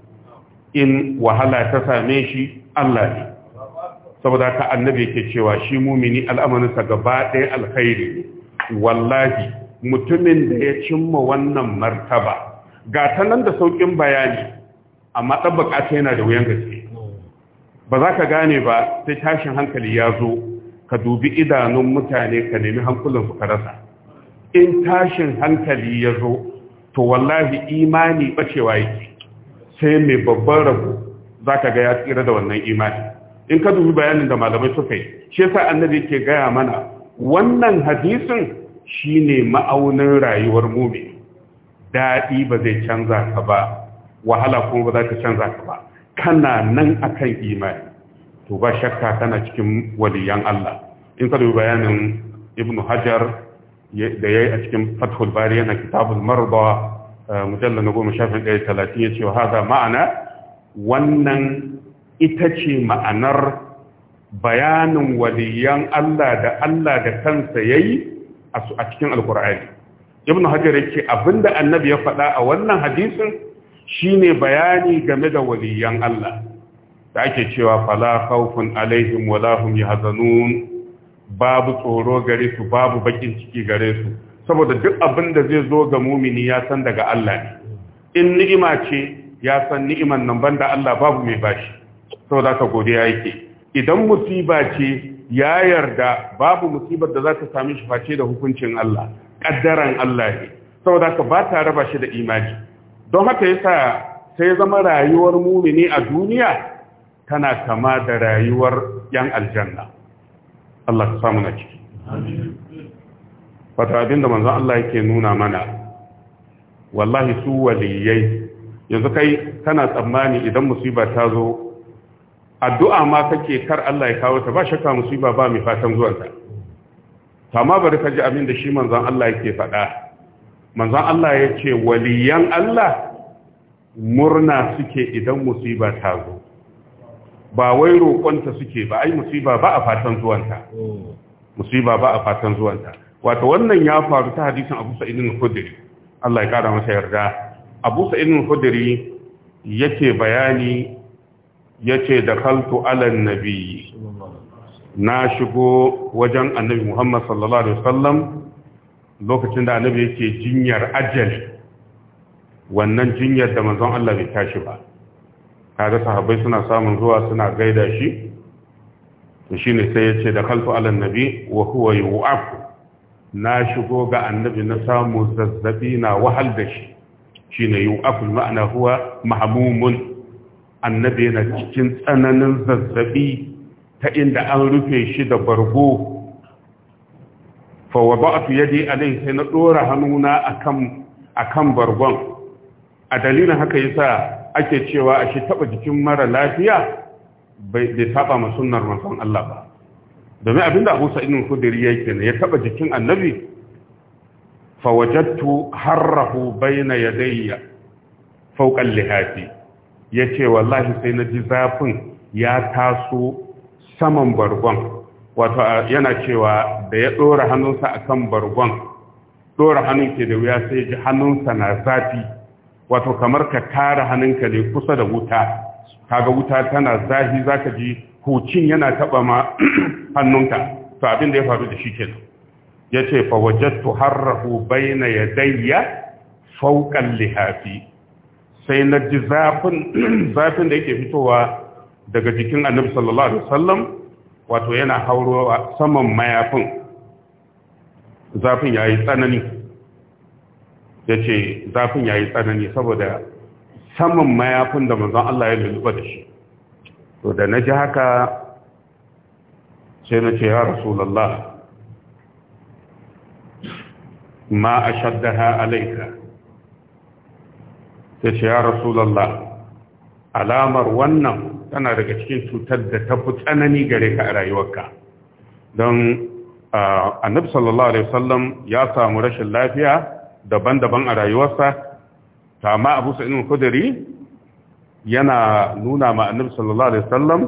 in wahala ta same shi Allah ne saboda ka annabi yake cewa shi mumini al'amarinsa gaba ɗaya alkhairi wallahi mutumin da ya cimma wannan martaba ga ta nan da saukin bayani amma ɗabbaƙa ta yana da wuyan gaske ba za ka gane ba sai tashin hankali ya zo ka dubi idanun mutane ka nemi hankulansu ka rasa in tashin hankali ya zo to wallahi imani ɓacewa yake sai mai babban rabu za ka ga ya tsira da wannan imani in ka dubi bayanin da malamai suka yi shi yasa annabi yake gaya mana wannan hadisin shine ma'aunin rayuwar mumin daɗi ba zai canza ka ba wahala kuma ba za ta canza ka ba kana nan akan imani to ba shakka kana cikin waliyan Allah in ka dubi bayanin Ibn Hajar da yayi a cikin Fathul Bari yana Kitabul eh, goma shafin ɗaya talatin ya ce hada ma'ana wannan ita ce ma'anar bayanin waliyan Allah da Allah da kansa yayi a cikin alkur'ani ibnu hajar yake abinda annabi ya faɗa a wannan hadisin shine bayani game da waliyan Allah da ake cewa fala khawfun alaihim wala hum yahzanun babu tsoro gare su babu bakin ciki gare su saboda duk abinda zai zo ga mumini ya san daga Allah ne in ni'ima ce ya san ni'iman nan banda Allah babu mai bashi saboda ka godiya yake idan musiba ce ya yarda babu musibar da za ta sami shi face da hukuncin Allah ƙaddaran Allah ne saboda ka ba ta raba shi da imani don haka yasa sai zama rayuwar mumini a duniya tana kama da rayuwar yan aljanna Allah ka samu na ciki fata abinda manzon Allah yake nuna mana wallahi su waliyai yanzu kai kana tsammani idan musibar ta zo addu'a ma kake kar Allah ya kawo ta ba shakka musiba ba mai fatan zuwanta amma bari ka ji abin da shi manzon Allah yake faɗa manzon Allah yake waliyan Allah murna suke idan musiba ta zo ba wai roƙonta suke ba ai musiba ba a fatan zuwanta musiba ba a fatan zuwanta wato wannan ya faru ta hadisin Abu Sa'id al-Khudri Allah ya ƙara masa yarda Abu Sa'id al-Khudri yake bayani yace dakhaltu ala nabi na shigo wajen annabi Muhammad sallallahu alaihi wasallam lokacin da annabi yake jinyar ajal wannan jinyar da manzon Allah bai tashi ba kaga sahabbai suna samun zuwa suna gaida shi to shine sai yace dakhaltu ala nabi wa huwa yu'afu na shigo ga annabi na samu zazzabi na wahal da shi shine yu'afu ma'ana huwa mahmumun annabi yana cikin tsananin zazzabi ta inda an rufe shi da bargo fa wada'tu yadi alayhi sai na dora hannuna akan akan bargon a dalilin haka yasa ake cewa a shi taba jikin mara lafiya bai taɓa ma sunnar Allah ba domin abinda Abu Sa'id al yake ne ya taba jikin annabi fa wajadtu harrahu bayna yadayya fawqa lihati ya ce wallahi sai na ji zafin ya taso saman bargon wato yana cewa da ya ɗora hannunsa a kan bargon ɗora hannun ke da wuya sai ji hannunsa na zafi wato kamar ka tara hannunka ne kusa da wuta kaga wuta tana zafi za ka ji hucin yana taɓa ma hannunka to abin da ya faru da shi ke ya ce fawajattu harrahu bayna yadayya fauqan lihafi sai na ji zafin da yake fitowa daga jikin annabi sallallahu alaihi wasallam wato yana haurowa saman mayafin zafin yayi tsanani yace zafin yayi tsanani saboda saman mayafin da manzon Allah ya lulluba da shi to da na ji haka sai na ce ya rasulullah ma ashaddaha alayka ya ce ya rasulallah alamar wannan tana daga cikin cutar da ta fi tsanani gare ka a rayuwarka don annabi sallallahu alaihi wasallam ya samu rashin lafiya daban-daban a rayuwarsa ta ma abu sa'in kudiri yana nuna ma annabi sallallahu alaihi wasallam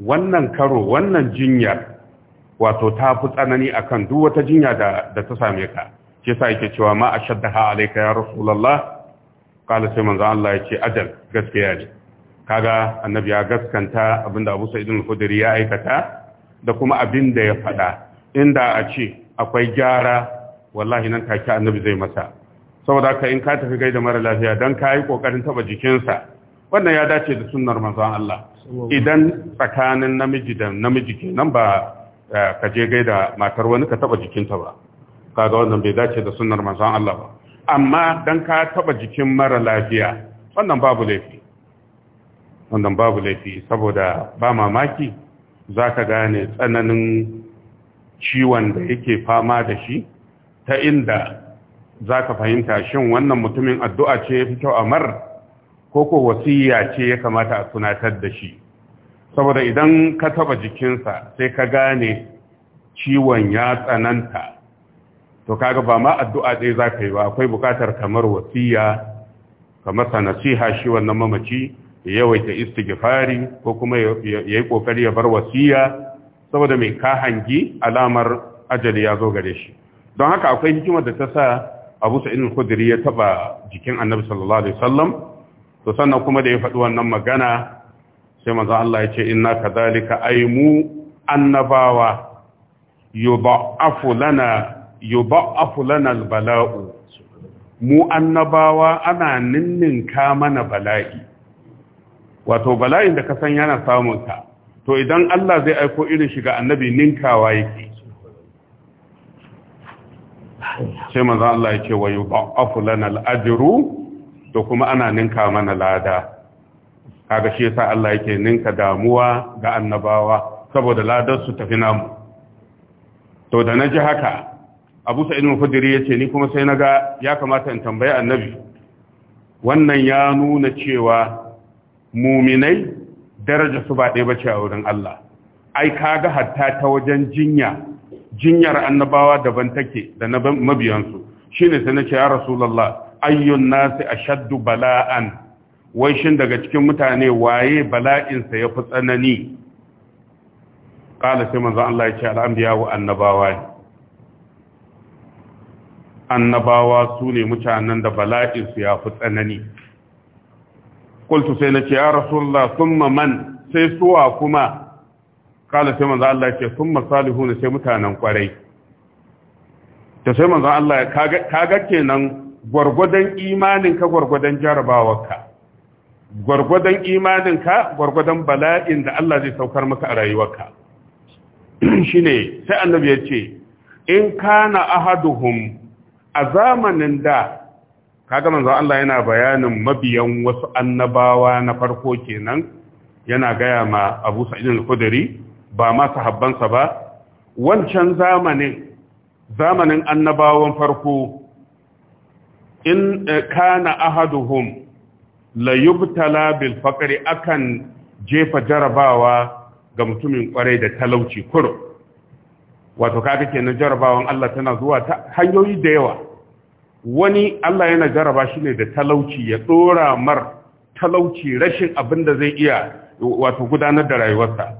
wannan karo wannan jinyar wato ta fi tsanani akan duk wata jinya da ta same ka shi sa yake cewa ma shaddaha alaika ya rasulullah kala sai manzo Allah ya ce ajal gaskiya ne kaga annabi ya gaskanta abinda Abu Sa'id al-Khudri ya aikata da kuma abin da ya faɗa inda a ce akwai gyara wallahi nan take annabi zai masa saboda ka in ka tafi gaida mara lafiya dan yi kokarin taba jikinsa wannan ya dace da sunnar manzo Allah idan tsakanin namiji da namiji kenan ba eh, ka je gaida matar wani ka taba jikinta ba kaga wannan bai dace da sunnar manzon Allah ba amma don ka taba jikin mara lafiya wannan babu laifi wannan babu laifi saboda ba mamaki za ka gane tsananin ciwon da yake fama da shi ta inda za ka fahimta shin wannan mutumin addu'a ce ya fi kyau a mar ko ko wasiya ce ya kamata a tunatar da shi saboda idan ka taba jikinsa sai ka gane ciwon ya tsananta to kaga ba ma addu'a ɗaya za ka yi ba akwai bukatar kamar wasiya kamar sa nasiha shi wannan mamaci ya yawaita istighfari ko kuma ya yi kokari ya bar wasiya saboda mai ka hangi alamar ajali ya zo gare shi don haka akwai hikimar da ta sa Abu Sa'id al-Khudri ya taba jikin Annabi sallallahu alaihi wasallam to sannan kuma da ya faɗi wannan magana sai manzo Allah ya ce inna kadhalika aymu annabawa yudha'afu lana Yuba lana balau mu annabawa ana ninninka mana bala'i wato bala'in da ka san yana samun ka to idan Allah zai aiko irin shiga annabi ninkawa yake sai manzo Allah yake wa yuba lana al to kuma ana ninka mana lada kaga shi yasa Allah yake ninka damuwa ga annabawa saboda ladar su tafi namu to da na ji haka abu sa'id al ya ce, ni kuma sai na ga ya kamata in tambaye annabi wannan ya nuna cewa muminai daraja su ba ɗaya bace a wurin Allah ai kaga hatta ta wajen jinya jinyar annabawa daban take da na mabiyansu shine sai nace ya rasulullah ayyun nasi ashaddu bala'an wai shin daga cikin mutane waye bala'insa ya fi tsanani ƙala sai manzo Allah ya ce al-anbiya wa annabawa annabawa su ne mutanen da bala'insu ya fi tsanani kultu sai na ce ya rasulullah summa man sai suwa kuma kala sai manzo Allah ce summa ne sai mutanen kwarai da sai manzo Allah kaga kenan gwargwadon imanin ka gwargwadon jarabawarka gwargwadon imanin ka gwargwadon bala'in da Allah zai saukar maka a rayuwarka shine sai annabi ya ce in kana ahaduhum a zamanin da kaga manzo Allah yana bayanin mabiyan wasu annabawa na farko kenan yana gaya ma Abu Sa'id al-Khudri ba ma sahabbansa ba wancan zamanin zamanin annabawan farko in eh, kana ahaduhum la yubtala bil faqri akan jefa jarabawa ga mutumin kwarai da talauci kuro wato kaga kenan jarabawan Allah tana zuwa ta hanyoyi da yawa wani Allah yana jaraba shi ne da talauci ya dora mar talauci rashin abin da zai iya wato gudanar da rayuwarsa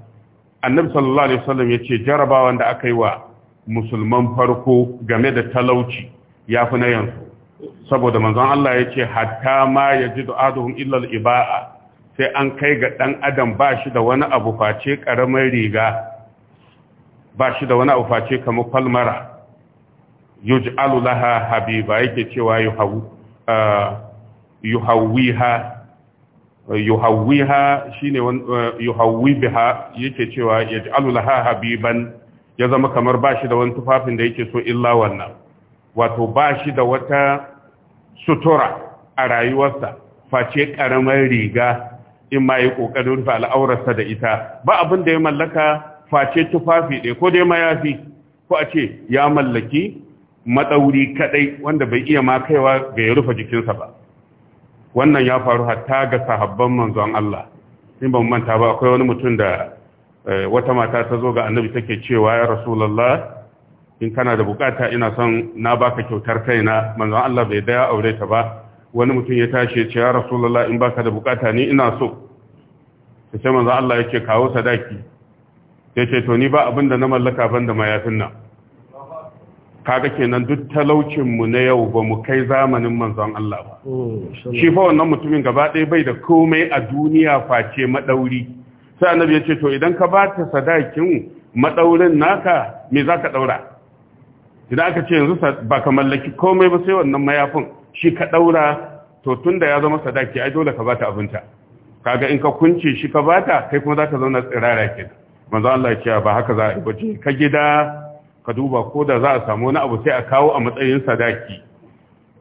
annabi sallallahu alaihi wasallam yace jarabawan da aka yi wa musulman farko game da talauci ya fi na yanzu saboda manzon Allah ya ce hatta ma yajidu aduhum illa al-ibaa sai an kai ga dan adam ba shi da wani abu face karamar riga ba shi da wani auface kamar falmara yuj'alu laha habiba yake cewa yuhawwiha uh, yuhawwiha shine uh, biha yake cewa yaj'alu laha habiban ya zama kamar Ba shi da wani tufafin da yake so illa wannan wato ba shi da wata sutura a rayuwarsa face karamar riga in ma yi kokarin rufe al'aurarsa da ita ba abin da ya mallaka face tufafi ɗaya ko dai mayafi ko a ce ya mallaki matsauri kaɗai wanda bai iya ma kaiwa ga ya rufe jikinsa ba wannan ya faru hatta ga sahabban manzon Allah in ban manta ba akwai wani mutum da eh, wata mata ta zo ga annabi take cewa ya rasulullah in kana da bukata ina son na baka kyautar kaina manzon Allah bai da ya aure ta ba wani mutum ya tashi ya ce ya rasulullah in baka da bukata ni ina so sai manzon Allah yake kawo sadaki ya ce to ni ba abin da na mallaka ban da mayafin nan kaga kenan duk talaucinmu na yau ba mu kai zamanin manzon Allah ba mm, shi fa wannan mutumin gaba ɗaya bai da komai a duniya face maɗauri sai annabi ya ce to idan ka ba ta sadakin maɗaurin naka me za ka ɗaura idan aka ce yanzu ba ka mallaki komai ba sai wannan mayafin shi ka ɗaura to tunda ya zama sadaki ai dole ka ba ta abinta kaga in ka kunce shi ka ba ta kai kuma za ka zauna tsirara kenan manzo Allah ya ba haka za a yi ce ka gida ka duba ko da za a samu wani abu sai a kawo a matsayin sadaki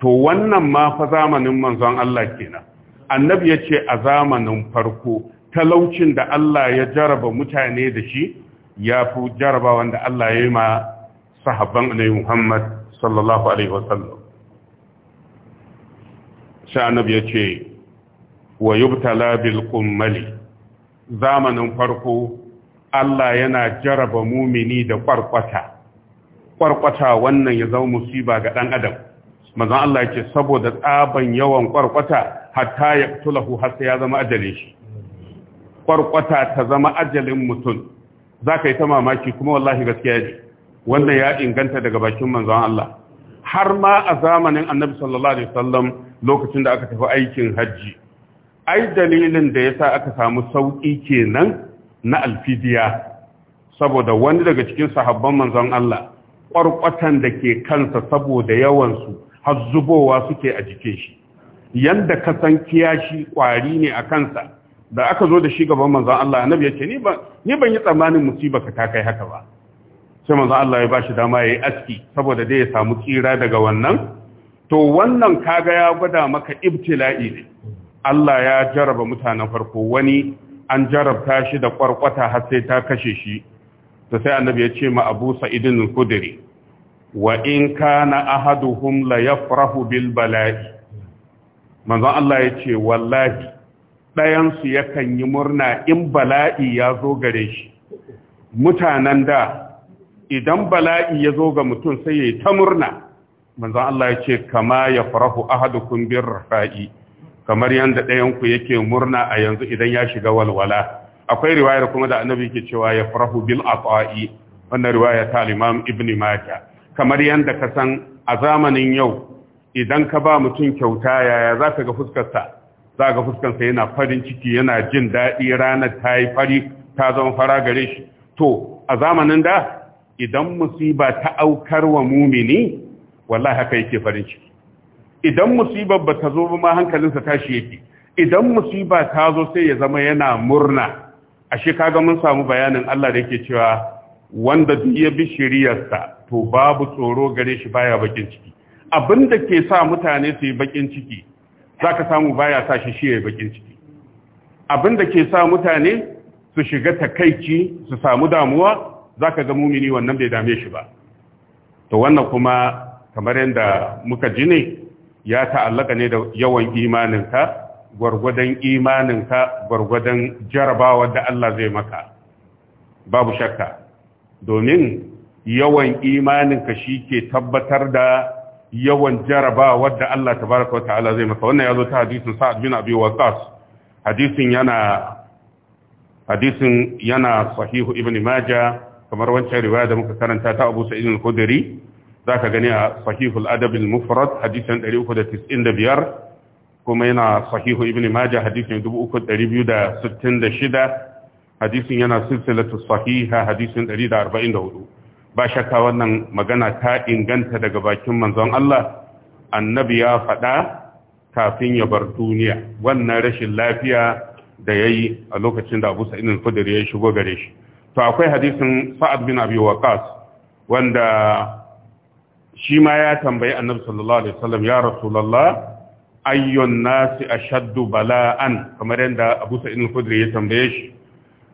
to wannan ma fa zamanin manzon Allah kenan annabi ya ce a zamanin farko talaucin da Allah ya jaraba mutane da shi ya fi jaraba wanda Allah ya yi ma sahabban annabi Muhammad sallallahu alaihi wasallam sai annabi ya ce wa yubtala bil kummali zamanin farko Allah yana jaraba mumini da kwarkwata kwarkwata wannan ya zama musiba ga dan adam manzon Allah yake saboda tsaban yawan kwarkwata hatta ya tulahu har sai ya zama ajalin shi kwarkwata ta zama ajalin mutum zakai yi ta mamaki kuma wallahi gaskiya ne wannan ya inganta daga bakin manzon Allah har ma a zamanin Annabi sallallahu alaihi wasallam lokacin da aka tafi aikin hajji. ai dalilin da yasa aka samu sauƙi kenan na alfidiya saboda wani daga cikin sahabban manzon Allah kwarkwatan da ke kansa saboda yawansu har zubowa suke a jikin shi yanda ka san kiyashi kwari ne a kansa da aka zo da shi gaban manzon Allah annabi ya ce ni ban ni ban yi tsammanin musiba ka ta kai haka ba sai manzon Allah ya bashi dama yayi aski saboda dai ya samu tsira daga wannan to wannan kaga ya gwada maka ibtila'i ne Allah ya jaraba mutanen farko wani an jarabta shi da kwarkwata har sai ta kashe shi to sai annabi ya ce ma Abu Sa'id al-Khudri wa in kana ahaduhum la yafrahu bil bala'i manzo Allah ya ce wallahi dayan su yakan yi murna in bala'i ya zo gare shi mutanen da idan bala'i ya zo ga mutum sai ya yi ta murna manzo Allah ya ce kama yafrahu ahadukum bir rafa'i kamar yadda ɗayan ku yake murna a yanzu idan ya shiga walwala akwai riwayar kuma da annabi yake cewa ya farahu bil ata'i wannan riwaya ta al-imam ibn majah kamar yadda ka san a zamanin yau idan ka ba mutum kyauta yaya za ka ga fuskarsa za ga fuskarsa yana farin ciki yana jin daɗi ranar ta yi fari ta zama fara gare shi to a zamanin da idan musiba ta aukar wa mumini wallahi haka yake farin ciki idan musiba ba ta zo ba ma hankalinsa tashi yake idan musiba ta zo sai ya zama yana murna ashe kaga mun samu bayanin Allah da yake cewa wanda duk ya bi shiriyarsa to babu tsoro gare shi baya bakin ciki abinda ke sa mutane su yi bakin ciki zaka samu baya sa shi shi ya yi bakin ciki abinda ke sa mutane su shiga takaici su samu damuwa zaka ga mumini wannan bai dame shi ba to wannan kuma kamar yadda muka ji ne ya ta'allaka ne da yawan imaninka gwargwadon imaninka gwargwadon jarabawa da Allah zai maka babu shakka domin yawan imaninka shi ke tabbatar da yawan jarabawa da Allah ta baraka wa ta'ala zai maka wannan ya zo ta hadisin sa'ad bin abi hadisin yana yana sahihu ibn majah kamar wancan riwaya da muka karanta ta Abu Sa'id al za ka gani a sahihul adabin mufrad hadisin 395 kuma yana sahihu ibn maja hadisin 3266 hadisin yana silsilatu sahiha hadisin 144 ba shakka wannan magana ta inganta daga bakin manzon Allah annabi ya faɗa kafin ya bar duniya wannan rashin lafiya da ya yi a lokacin da abu sa'idin kudur ya shigo gare shi to akwai hadisin sa'ad bin abi waqas wanda shi ma ya tambayi annabi sallallahu alaihi wasallam ya rasulullah ayyun nasi ashaddu bala'an kamar yadda Abu Sa'id al-Khudri ya tambaye shi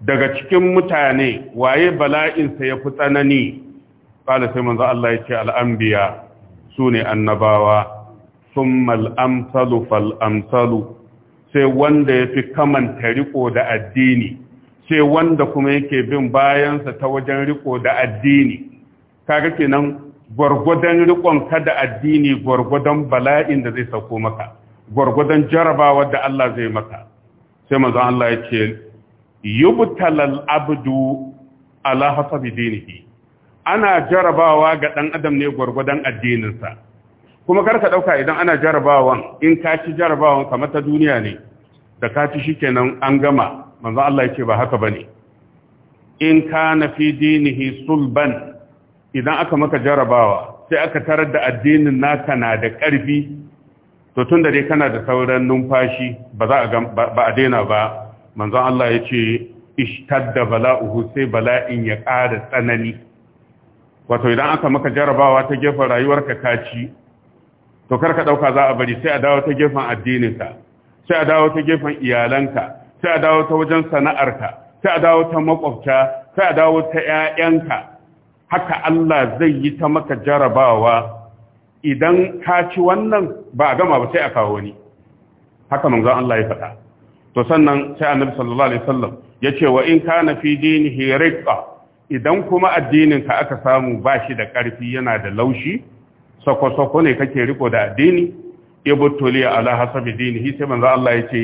daga cikin mutane waye bala'in sa yafi tsanani kala sai manzo Allah ya ce al-anbiya sune annabawa thumma al-amsalu fal-amsalu sai wanda yafi kamanta riko da addini sai wanda kuma yake bin bayansa ta wajen riko da addini kaga kenan gwargwadon ka da addini gwargwadon bala'in da zai sauko maka gwargwadon jarabawa da Allah zai maka sai manzon Allah ya ce yubtalal abdu ala hasabi dinihi ana jarabawa ga dan adam ne gwargwadon addininsa kuma kar ka dauka idan ana jarabawan in ka ci jarabawan kamar ta duniya ne da ka ci shikenan an gama manzon Allah ya ba haka bane in kana fi dinihi sulban idan aka maka jarabawa sai aka tarar da addinin naka na da ƙarfi to tun da dai kana da sauran numfashi ba za a ba a daina ba manzon Allah ya ce ishtadda bala'uhu sai bala'in ya ƙara tsanani wato idan aka maka jarabawa ta gefen rayuwarka ka ci to karka ɗauka za a bari sai a dawo ta gefen addininka sai a dawo ta gefen iyalanka sai a dawo ta wajen sana'arka sai a dawo ta makwabta sai a dawo ta 'ya'yanka haka Allah zai yi ta maka jarabawa idan ka ci wannan ba a gama ba sai a kawo wani haka manzon Allah ya faɗa to sannan sai annabi sallallahu alaihi wasallam ya ce wa in kana fi dinihi riqa idan kuma addinin ka aka samu ba shi da ƙarfi yana da laushi sako sako ne kake riko da addini ibtuli ala hasabi dinihi sai manzon Allah ya ce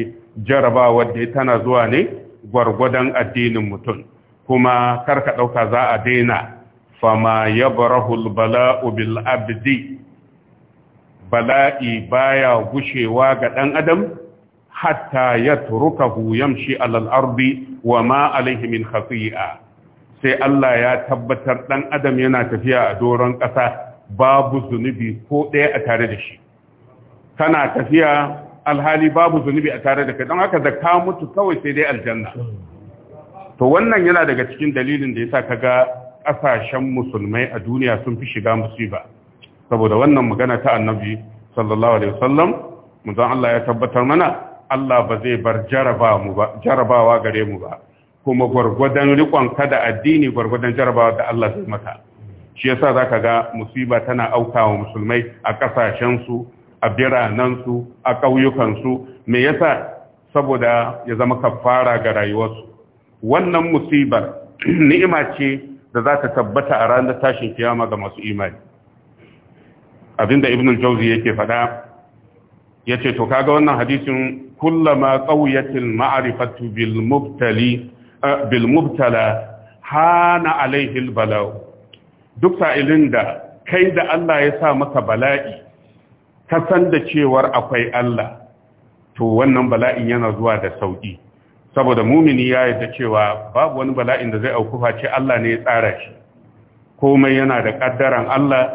jarabawa da tana zuwa ne gwargwadon addinin mutum kuma karka ɗauka za a daina fama yabrahul bala'u bil bala'i baya bushewa ga ɗan adam hatta yatrukahu yamshi alal ardi wa ma alayhi sai Allah ya tabbatar ɗan adam yana tafiya a doron ƙasa babu zunubi ko ɗaya a tare da shi kana tafiya alhali babu zunubi a tare da kai don haka da ka mutu kawai sai dai aljanna to wannan yana daga cikin dalilin da yasa kaga ƙasashen musulmai a duniya sun fi shiga musiba saboda wannan magana ta annabi sallallahu alaihi wasallam manzon Allah ya tabbatar mana Allah ba zai bar jarabawa gare mu ba kuma gwargwadon riƙon kada addini gwargwadon jarabawa da Allah zai mata shi yasa zaka ga musiba tana aukawa musulmai a ƙasashen su a biranen su a ƙauyukan su me yasa saboda ya zama kafara ga rayuwarsu wannan musibar ni'ima ce da za ta tabbata a ranar tashin kiyama ga masu imani abinda ibn al-jawzi yake faɗa yace to kaga wannan hadisin kullama qawiyatil ma'rifatu bil mubtali hana alaihi al bala'u duk sa'ilin da kai da Allah ya sa maka bala'i ka san da cewar akwai Allah to wannan bala'in yana zuwa da sauki saboda mumini ya yarda cewa babu wani bala'in da zai auku face Allah ne ya tsara shi komai yana da kaddaran Allah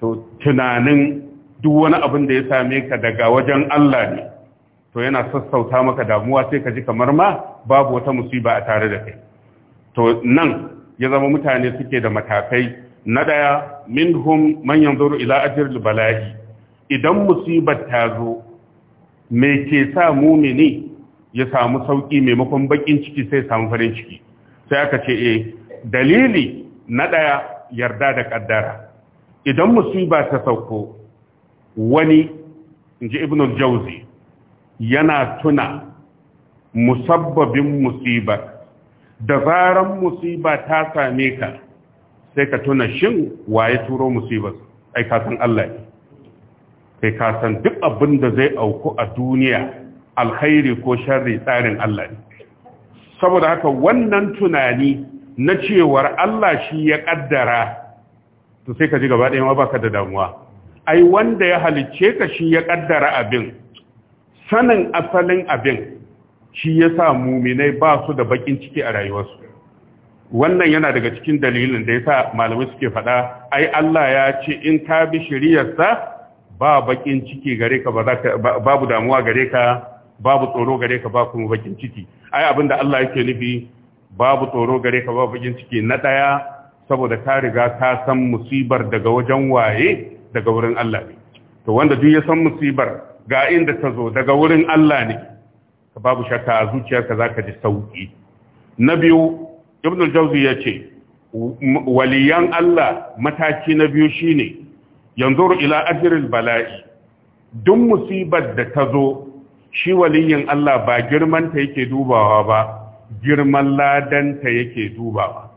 to tunanin duk wani abin da ya same ka daga wajen Allah ne to yana sassauta maka damuwa sai ka ji kamar ma babu wata musiba a tare da kai to nan ya zama mutane suke da matakai na daya minhum manyan yanzuru ila ajril bala'i idan musibar ta zo me ke sa mumini ya samu sauƙi maimakon baƙin ciki sai samu farin ciki sai aka ce e dalili na ɗaya yarda da ƙaddara idan musiba ta sauko wani inji ibn jauzi yana tuna musabbabin musiba da zaran musiba ta same ka sai ka tuna shin waye turo musibar ai ka san Allah ne kai ka duk abinda zai auku a duniya alkhairi ko sharri tsarin Allah ne saboda haka wannan tunani na cewar Allah shi ya kaddara to sai ka ji gaba ɗaya ma ka da damuwa ai wanda ya halicce ka shi ya kaddara abin sanin asalin abin shi ya sa muminai ba su da baƙin ciki a rayuwarsu wannan yana daga cikin dalilin da ya sa malamai suke faɗa ai Allah ya ce in ka bi shiriyarsa ba bakin ciki gare ka babu damuwa gare ka babu tsoro gare ka ba kuma bakin ciki ai abinda Allah yake nufi babu tsoro gare ka ba bakin ciki na daya saboda ka riga ka san musibar daga wajen waye daga wurin Allah ne to wanda duk ya san musibar ga inda ta zo daga wurin Allah ne ka babu shakka a zuciyarka zaka ji sauki na biyu ibn al-jawzi ce waliyan Allah mataki na biyu shine yanzuru ila ajril bala'i duk musibar da ta zo shi waliyin Allah ba girmanta yake dubawa ba girman ladanta yake dubawa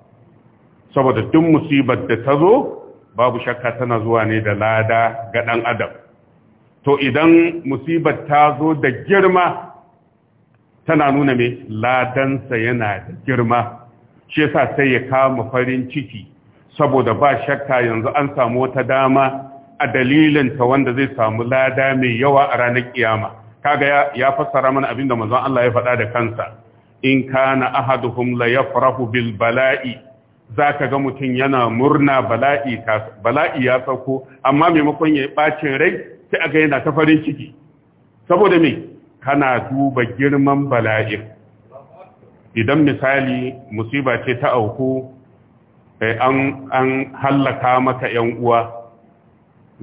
saboda duk musibar da ta zo babu shakka tana zuwa ne da lada ga ɗan adam to idan musibar ta zo da girma tana nuna me. ladansa yana da girma shi yasa sai ya kama farin ciki saboda ba shakka yanzu an samu wata dama a dalilinta wanda zai samu lada mai yawa a ranar kiyama kaga ya fassara mana abinda manzon Allah ya faɗa da kansa in kana ahaduhum la yafrahu bil bala'i zaka ga mutun yana murna bala'i bala'i ya sauko amma maimakon ya bacin rai sai aga yana ta farin ciki saboda me kana duba girman bala'i idan misali musiba ce ta auku eh, an an hallaka maka yan uwa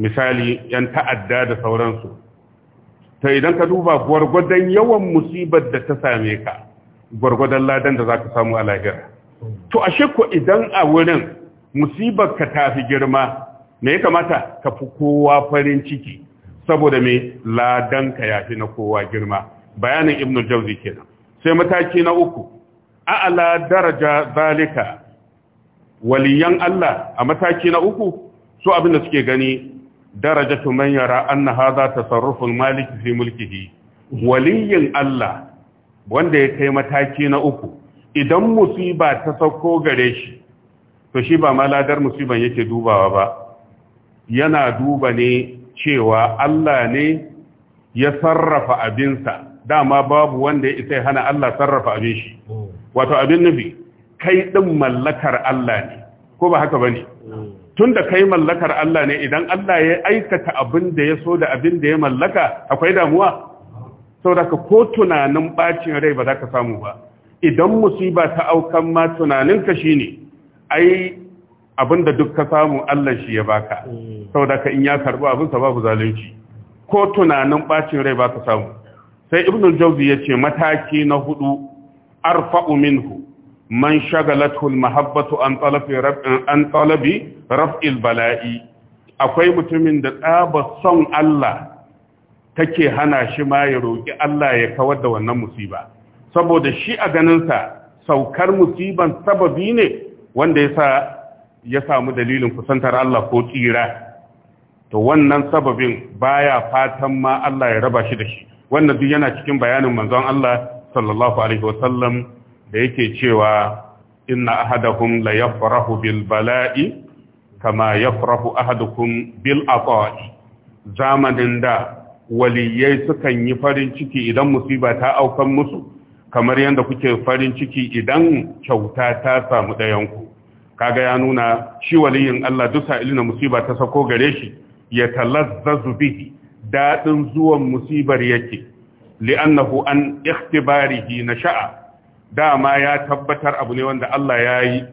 misali yan ta'adda da sauransu ta idan ka duba gwargwadon yawan musibar da ta same ka gwargwadon ladan da za ka samu a lahira to ashe ko idan a wurin musibar ka tafi girma me ya kamata ka fi kowa farin ciki saboda me ladan ka ya fi na kowa girma bayanin ibnu Jauzi kenan sai mataki na uku a'ala daraja zalika waliyan Allah a mataki na uku so abin da suke gani darajatu man yara anna hadha tasarruful malik fi mulkihi waliyin Allah wanda ya kai mataki na uku idan musiba ta sauko gare shi to shi ba maladar musiban yake dubawa ba yana duba ne cewa Allah ne ya sarrafa abinsa dama babu wanda ya isa hana Allah sarrafa abin shi hmm. wato abin nufi kai din mallakar Allah ne ko ba haka bane tun da kai mallakar Allah ne idan Allah ya aikata abin da ya so da abin da ya mallaka akwai damuwa saboda ko tunanin bacin rai ba za ka samu ba idan musiba ta aukan ma tunanin shi shine ai abin da duk ka samu Allah shi ya baka saboda ka in ya karbi abin sa babu zalunci ko tunanin bacin rai ba ka samu sai ibnu jawzi yace mataki na hudu arfa'u minhu man shagalatul mahabbatu an talabi an talabi bala'i akwai mutumin da tsaba son Allah take hana shi ma ya roƙi Allah ya kawar da wannan musiba saboda shi a ganinsa saukar musiban sababi ne wanda yasa ya samu dalilin kusantar Allah ko tsira to wannan sababin baya fatan ma Allah ya raba shi da shi wannan duk yana cikin bayanin manzon Allah sallallahu alaihi wasallam da yake cewa inna ahadakum la yafrahu bil bala'i kama yafrahu ahadukum bil aqa'i zamanin da waliyai sukan yi farin ciki idan musiba ta aukan musu kamar yadda kuke farin ciki idan kyauta ta samu ɗayanku kaga ya nuna shi waliyin Allah duk sa'ili musiba ta sako gare shi ya talazzazu bihi daɗin zuwan musibar yake li'annahu an ikhtibarihi na sha'a dama ya tabbatar abu ne wanda Allah ya yi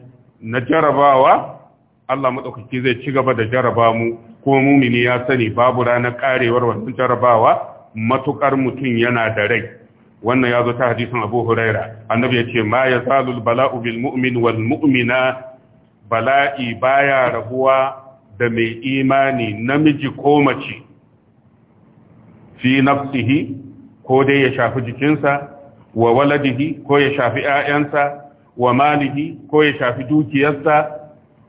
na jarabawa Allah maɗaukaki zai ci gaba da jaraba mu ko mumini ya sani babu ranar karewar wannan jarabawa matukar mutum yana da rai wannan ya zo ta hadisin abu huraira annabi ya ce ma ya zalul bala'u bil mu'min wal mu'mina bala'i baya rabuwa da mai imani namiji ko mace fi nafsihi ko dai ya shafi jikinsa wa waladihi ko ya shafi ‘ya'yansa wa malihi ko ya shafi dukiyarsa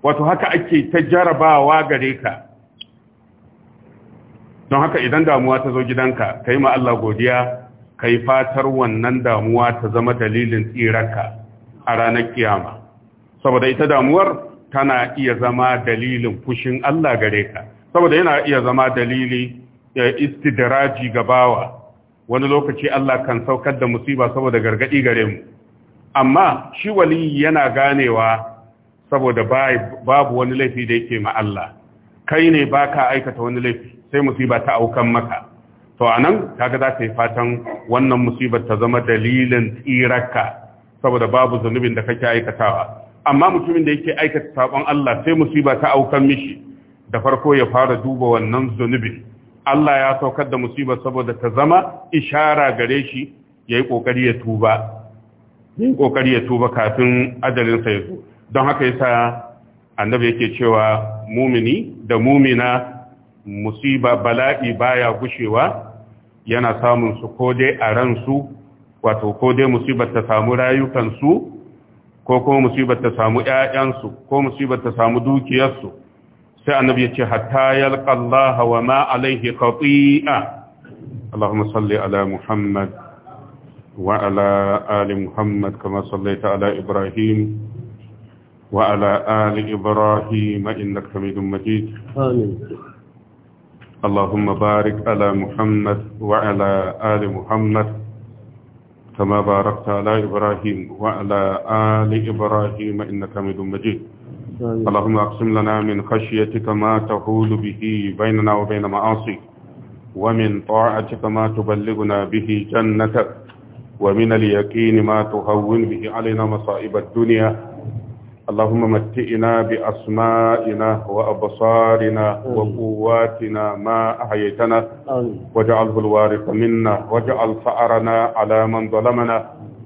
wato haka ake ta jarabawa gare ka don haka idan damuwa ta zo gidanka ka yi Allah godiya ka yi fatar wannan damuwa ta zama dalilin tsiranka a ranar kiyama saboda ita damuwar tana iya zama dalilin fushin Allah gare ka saboda yana iya zama dalili ya eh, istidiraji gabawa wani lokaci Allah kan saukar da musiba saboda gargadi gare mu amma shi wali yana ganewa saboda babu wani laifi da yake ma Allah kai ne baka aikata wani laifi sai musiba ta aukan maka to anan kaga za ka yi fatan wannan musibar ta zama dalilin tsirarka saboda babu zunubin da kake aikatawa amma mutumin da yake aikata sabon Allah sai musiba ta aukan mishi da farko ya fara duba wannan zunubin Allah ya saukar da musibar saboda ta zama ishara gare shi ya yi ƙoƙari ya tuba ya yi ƙoƙari ya tuba kafin ajalinsa ya zo don haka yasa annabi yake cewa mumini da mumina musiba bala'i baya gushewa yana samun su ko dai a ransu wato ko dai musibar ta samu rayukansu ko kuma musibar ta samu 'ya'yansu ko musibar ta samu dukiyarsu sai annabi ya ce hatta yalqa Allah wa ma alaihi khati'a Allahumma salli ala Muhammad wa ala ali Muhammad kama sallaita ala Ibrahim wa ala ali Ibrahim innaka Hamidum Majid amin اللهم بارك على محمد وعلى آل محمد كما باركت على إبراهيم وعلى آل إبراهيم إنك حميد مجيد اللهم اقسم لنا من خشيتك ما تحول به بيننا وبين معاصيك ومن طاعتك ما تبلغنا به جنتك ومن اليقين ما تهون به علينا مصائب الدنيا اللهم متئنا بأسمائنا وأبصارنا وقواتنا ما أحييتنا واجعله الوارث منا واجعل فأرنا على من ظلمنا